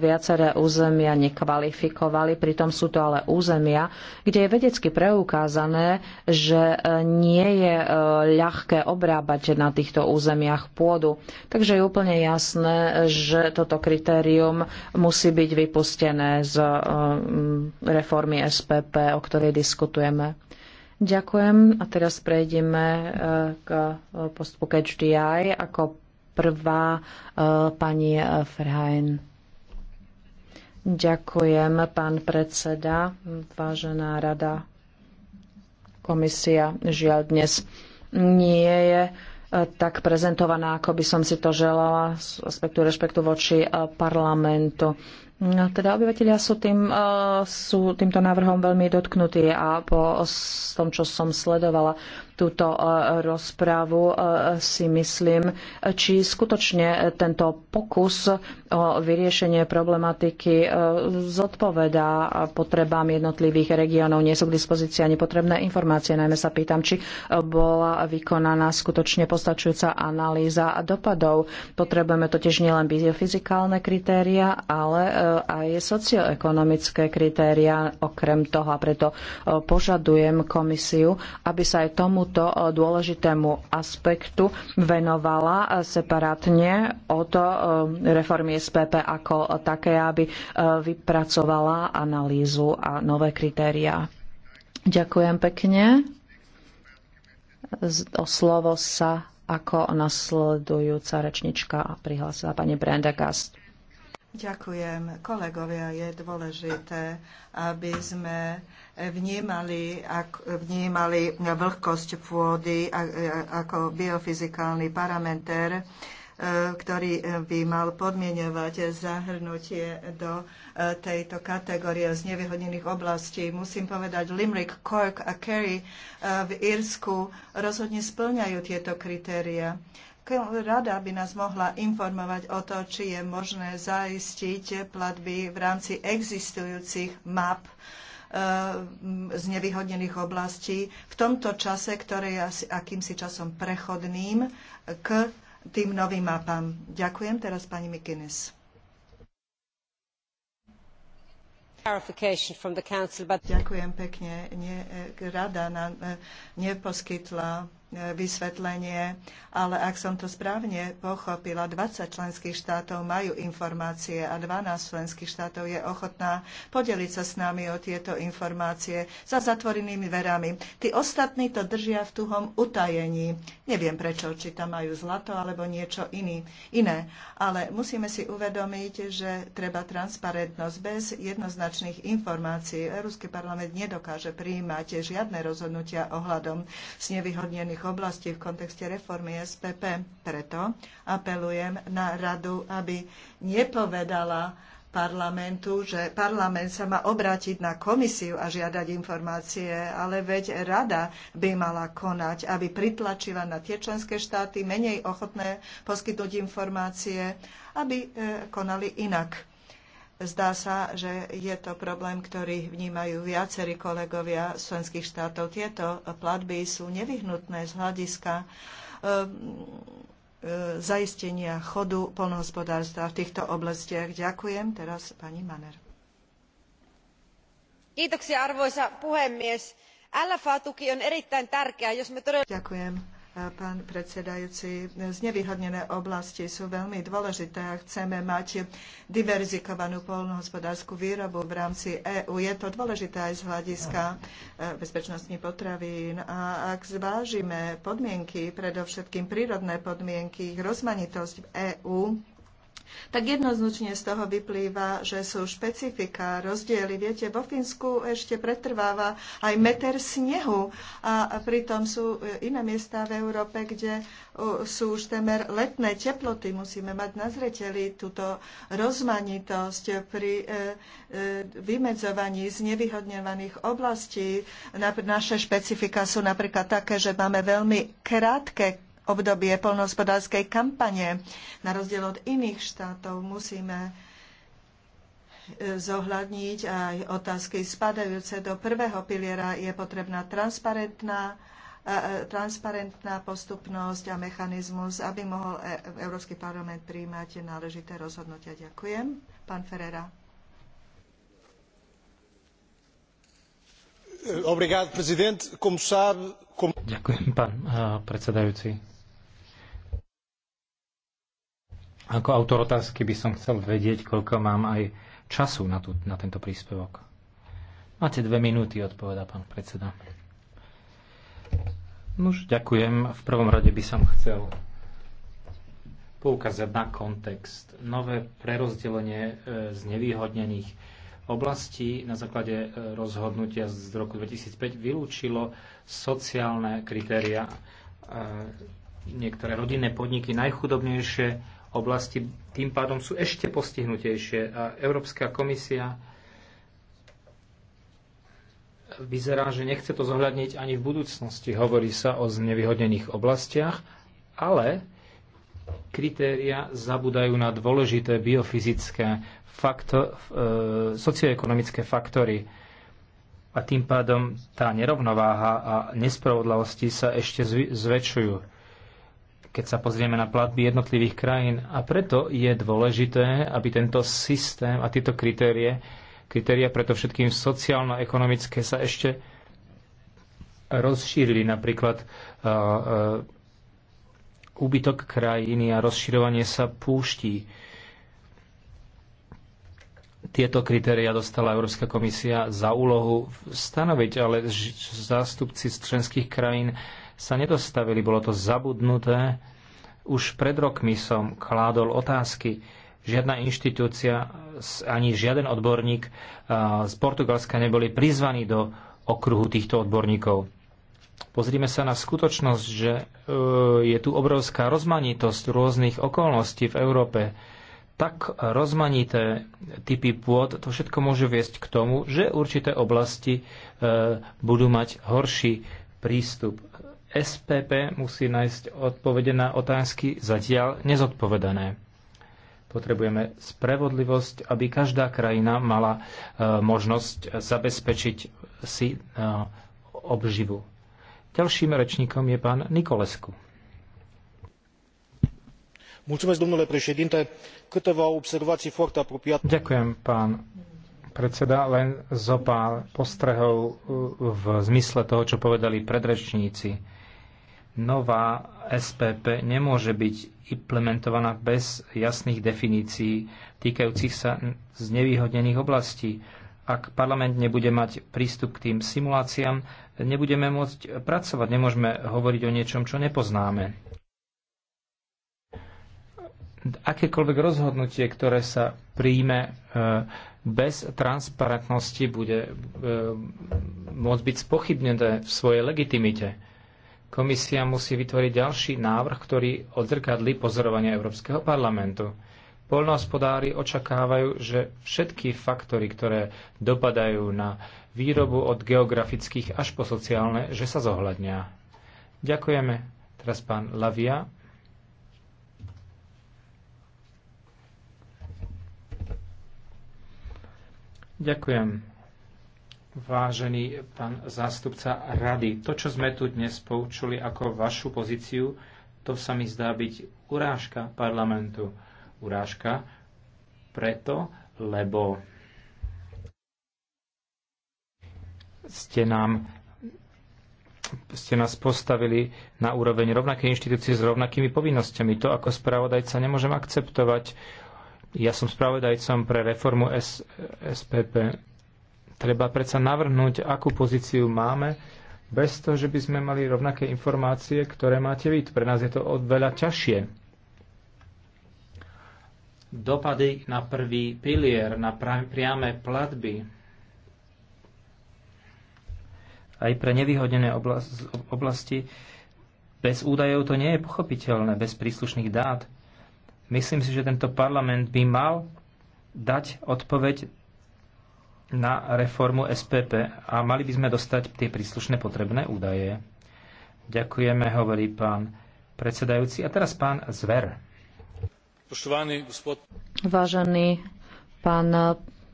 viaceré územia nekvalifikovali, pritom sú to ale územia, kde je vedecky preukázané, že nie je ľahké obrábať na týchto územiach pôdu. Takže je úplne jasné, že toto kritérium musí byť vypustené z eh, reformy SPP, o ktorej diskutujeme. Ďakujem a teraz prejdeme eh, k eh, postupu HDI ako prvá pani Ferhajn. Ďakujem, pán predseda, vážená rada, komisia, žiaľ dnes nie je tak prezentovaná, ako by som si to želala z aspektu rešpektu voči e, parlamentu. No, teda obyvateľia sú, tým, e, sú týmto návrhom veľmi dotknutí a po tom, čo som sledovala, túto e, rozprávu, e, si myslím, či skutočne tento pokus o vyriešenie problematiky e, zodpovedá potrebám jednotlivých regiónov. Nie sú k dispozícii ani potrebné informácie. Najmä sa pýtam, či bola vykonaná skutočne postačujúca analýza dopadov. Potrebujeme totiž nielen biofyzikálne kritéria, ale aj socioekonomické kritéria okrem toho. A preto požadujem komisiu, aby sa aj tomu tomuto e, dôležitému aspektu venovala e, separátne od e, reformy SPP ako také, aby vypracovala analýzu a nové kritériá. Ďakujem pekne. O slovo sa ako nasledujúca rečnička prihlásila pani Brenda Gast. Ďakujem. Kolegovia, je dôležité, aby sme vnímali, vnímali vlhkosť pôdy ako biofyzikálny parameter, e, ktorý by mal podmienovať zahrnutie do e, tejto kategórie z nevyhodnených oblastí. Musím povedať, Limerick, Cork a Kerry e, v Írsku rozhodne splňajú tieto kritéria. Rada by nás mohla informovať o to, či je možné zaistiť platby v rámci existujúcich map e, z nevyhodnených oblastí v tomto čase, ktoré je asi akýmsi časom prechodným k tým novým mapám. Ďakujem teraz pani Mikines. Ďakujem pekne. E, rada nám e, neposkytla vysvetlenie, ale ak som to správne pochopila, 20 členských štátov majú informácie a 12 členských štátov je ochotná podeliť sa s nami o tieto informácie za zatvorenými verami. Tí ostatní to držia v tuhom utajení. Neviem prečo, či tam majú zlato alebo niečo iný, iné, ale musíme si uvedomiť, že treba transparentnosť bez jednoznačných informácií. Európsky parlament nedokáže prijímať žiadne rozhodnutia ohľadom znevýhodnených iných oblastí v kontexte reformy SPP. Preto apelujem na radu, aby nepovedala parlamentu, že parlament sa má obrátiť na komisiu a žiadať informácie, ale veď rada by mala konať, aby pritlačila na tie členské štáty menej ochotné poskytnúť informácie, aby eh, konali inak Zdá sa, že je to problém, ktorý vnímajú viacerí kolegovia z členských štátov. Tieto platby sú nevyhnutné z hľadiska eh, eh, zaistenia chodu polnohospodárstva v týchto oblastiach. Ďakujem. Teraz pani Maner. Kiitoksia arvoisa puhemies. LFA-tuki on erittäin tärkeä, jos me todella... Ďakujem pán predsedajúci. Znevýhodnené oblasti sú veľmi dôležité a chceme mať diverzikovanú poľnohospodárskú výrobu v rámci EÚ. Je to dôležité aj z hľadiska e, bezpečnosti potravín. A ak zvážime podmienky, predovšetkým prírodné podmienky, ich rozmanitosť v EÚ, tak jednoznačne z toho vyplýva, že sú špecifika, rozdiely. Viete, vo Fínsku ešte pretrváva aj meter snehu a pritom sú e, iné miesta v Európe, kde e, sú už temer letné teploty. Musíme mať na zreteli túto rozmanitosť pri e, vymedzovaní znevýhodňovaných oblastí. Naše špecifika sú napríklad také, že máme veľmi krátke obdobie polnohospodárskej kampane. Na rozdiel od iných štátov musíme e, zohľadniť aj otázky spadajúce do prvého piliera. Je potrebná transparentná e, e, transparentná postupnosť a mechanizmus, aby mohol Európsky parlament príjmať náležité rozhodnutia. Ďakujem. Pán Ferreira. Ďakujem, pán predsedajúci Ako autor otázky by som chcel vedieť, koľko mám aj času na, tu, na tento príspevok. Máte dve minúty, odpoveda pán predseda. Nuž, ďakujem. V prvom rade by som chcel poukázať na kontext. Nové prerozdelenie e, z nevýhodnených oblastí na základe e, rozhodnutia z roku 2005 vylúčilo sociálne kritéria. E, niektoré rodinné podniky najchudobnejšie oblasti tým pádom sú ešte postihnutejšie. A Európska komisia vyzerá, že nechce to zohľadniť ani v budúcnosti. Hovorí sa o znevýhodnených oblastiach, ale kritéria zabúdajú na dôležité biofyzické faktor, e, socioekonomické faktory. A tým pádom tá nerovnováha a nespravodlavosti sa ešte zväčšujú keď sa pozrieme na platby jednotlivých krajín. A preto je dôležité, aby tento systém a tieto kritérie, kritéria preto všetkým sociálno-ekonomické sa ešte rozšírili. Napríklad uh, uh, úbytok krajiny a rozširovanie sa púští. Tieto kritéria dostala Európska komisia za úlohu stanoviť, ale zástupci členských krajín sa nedostavili, bolo to zabudnuté. Už pred rokmi som kládol otázky. Žiadna inštitúcia ani žiaden odborník z Portugalska neboli prizvaní do okruhu týchto odborníkov. Pozrime sa na skutočnosť, že e, je tu obrovská rozmanitosť rôznych okolností v Európe. Tak rozmanité typy pôd, to všetko môže viesť k tomu, že určité oblasti e, budú mať horší prístup SPP musí nájsť odpovede na otázky zatiaľ nezodpovedané. Potrebujeme spravodlivosť, aby každá krajina mala e, možnosť zabezpečiť si e, obživu. Ďalším rečníkom je pán Nikolesku. Ďakujem, pán predseda, len zo pár postrehov e, v zmysle toho, čo povedali predrečníci nová SPP nemôže byť implementovaná bez jasných definícií týkajúcich sa znevýhodnených oblastí. Ak parlament nebude mať prístup k tým simuláciám, nebudeme môcť pracovať, nemôžeme hovoriť o niečom, čo nepoznáme. Akékoľvek rozhodnutie, ktoré sa príjme e, bez transparentnosti, bude e, môcť byť spochybnené v svojej legitimite Komisia musí vytvoriť ďalší návrh, ktorý odzrkadlí pozorovania Európskeho parlamentu. Polnohospodári očakávajú, že všetky faktory, ktoré dopadajú na výrobu od geografických až po sociálne, že sa zohľadnia. Ďakujeme. Teraz pán Lavia. Ďakujem vážený pán zástupca rady. To, čo sme tu dnes poučuli ako vašu pozíciu, to sa mi zdá byť urážka parlamentu. Urážka preto, lebo ste nám ste nás postavili na úroveň rovnakej inštitúcie s rovnakými povinnosťami. To ako spravodajca nemôžem akceptovať. Ja som spravodajcom pre reformu S, SPP Treba predsa navrhnúť, akú pozíciu máme, bez toho, že by sme mali rovnaké informácie, ktoré máte vy. Pre nás je to veľa ťažšie dopady na prvý pilier, na priame platby. Aj pre nevyhodené oblasti bez údajov to nie je pochopiteľné, bez príslušných dát. Myslím si, že tento parlament by mal dať odpoveď na reformu SPP a mali by sme dostať tie príslušné potrebné údaje. Ďakujeme, hovorí pán predsedajúci. A teraz pán Zver. Vážený pán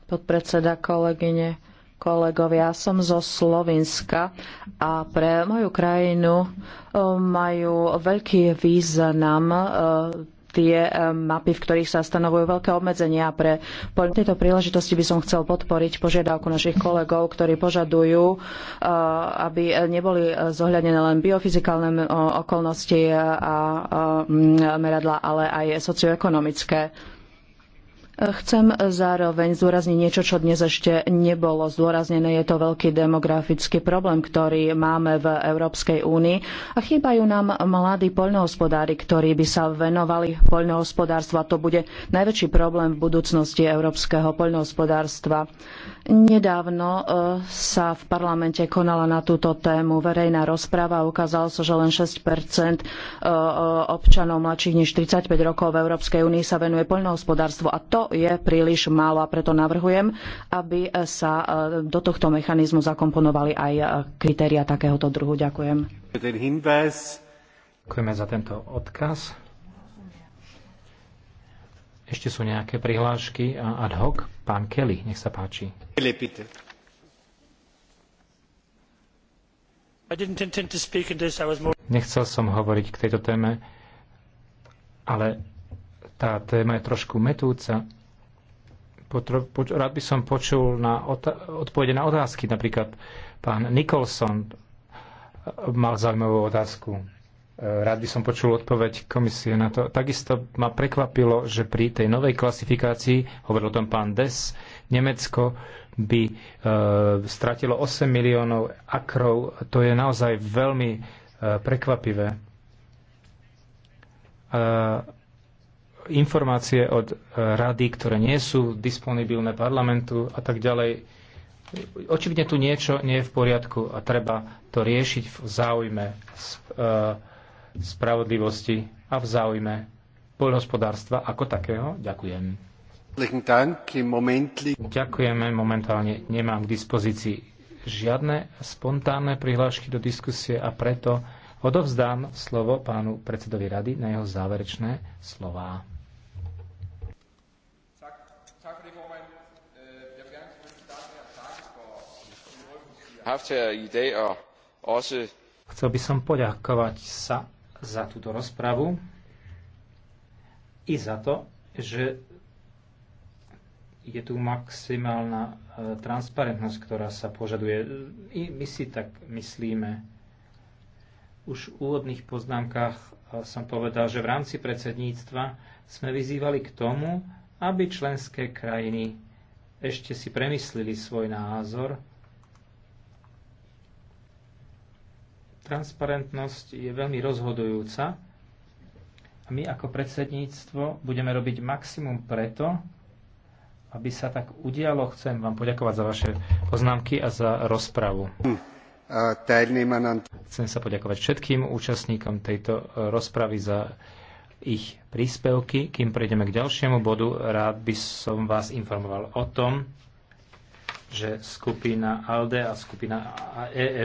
podpredseda, kolegyne, kolegovia, som zo Slovenska a pre moju krajinu eh, majú veľký význam eh, tie eh, mapy, v ktorých sa stanovujú veľké obmedzenia pre poľ. Tejto príležitosti by som chcel podporiť požiadavku našich kolegov, ktorí požadujú, eh, aby neboli zohľadené len biofyzikálne okolnosti a eh, meradla, ale aj socioekonomické. Chcem zároveň zdôrazniť niečo, čo dnes ešte nebolo zdôraznené. Je to veľký demografický problém, ktorý máme v Európskej únii a chýbajú nám mladí poľnohospodári, ktorí by sa venovali poľnohospodárstvu a to bude najväčší problém v budúcnosti európskeho poľnohospodárstva. Nedávno e, sa v parlamente konala na túto tému verejná rozprava a ukázalo sa, že len 6 e, e, občanov mladších než 35 rokov v Európskej únii sa venuje poľnohospodárstvu a to je príliš málo a preto navrhujem, aby sa do tohto mechanizmu zakomponovali aj kritéria takéhoto druhu. Ďakujem. Ďakujeme za tento odkaz. Ešte sú nejaké prihlášky a ad hoc. Pán Kelly, nech sa páči. Nechcel som hovoriť k tejto téme, ale tá téma je trošku metúca. Rád by som počul na odpovede na otázky. Napríklad pán Nicholson mal zaujímavú otázku Eh, rád by som počul odpoveď komisie na to. Takisto ma prekvapilo, že pri tej novej klasifikácii, hovoril o tom pán Des, Nemecko by e, stratilo 8 miliónov akrov. To je naozaj veľmi e, prekvapivé. E, informácie od e, rady, ktoré nie sú disponibilné parlamentu a tak ďalej. Očividne tu niečo nie je v poriadku a treba to riešiť v záujme. E, spravodlivosti a v záujme poľhospodárstva ako takého. Ďakujem. Ďakujeme. Momentálne nemám k dispozícii žiadne spontánne prihlášky do diskusie a preto odovzdám slovo pánu predsedovi rady na jeho záverečné slová. Chcel by som poďakovať sa za túto rozpravu i za to, že je tu maximálna e, transparentnosť, ktorá sa požaduje. I my si tak myslíme. Už v úvodných poznámkach e, som povedal, že v rámci predsedníctva sme vyzývali k tomu, aby členské krajiny ešte si premyslili svoj názor Transparentnosť je veľmi rozhodujúca a my ako predsedníctvo budeme robiť maximum preto, aby sa tak udialo. Chcem vám poďakovať za vaše poznámky a za rozpravu. Chcem sa poďakovať všetkým účastníkom tejto rozpravy za ich príspevky. Kým prejdeme k ďalšiemu bodu, rád by som vás informoval o tom, že skupina ALDE a skupina EF e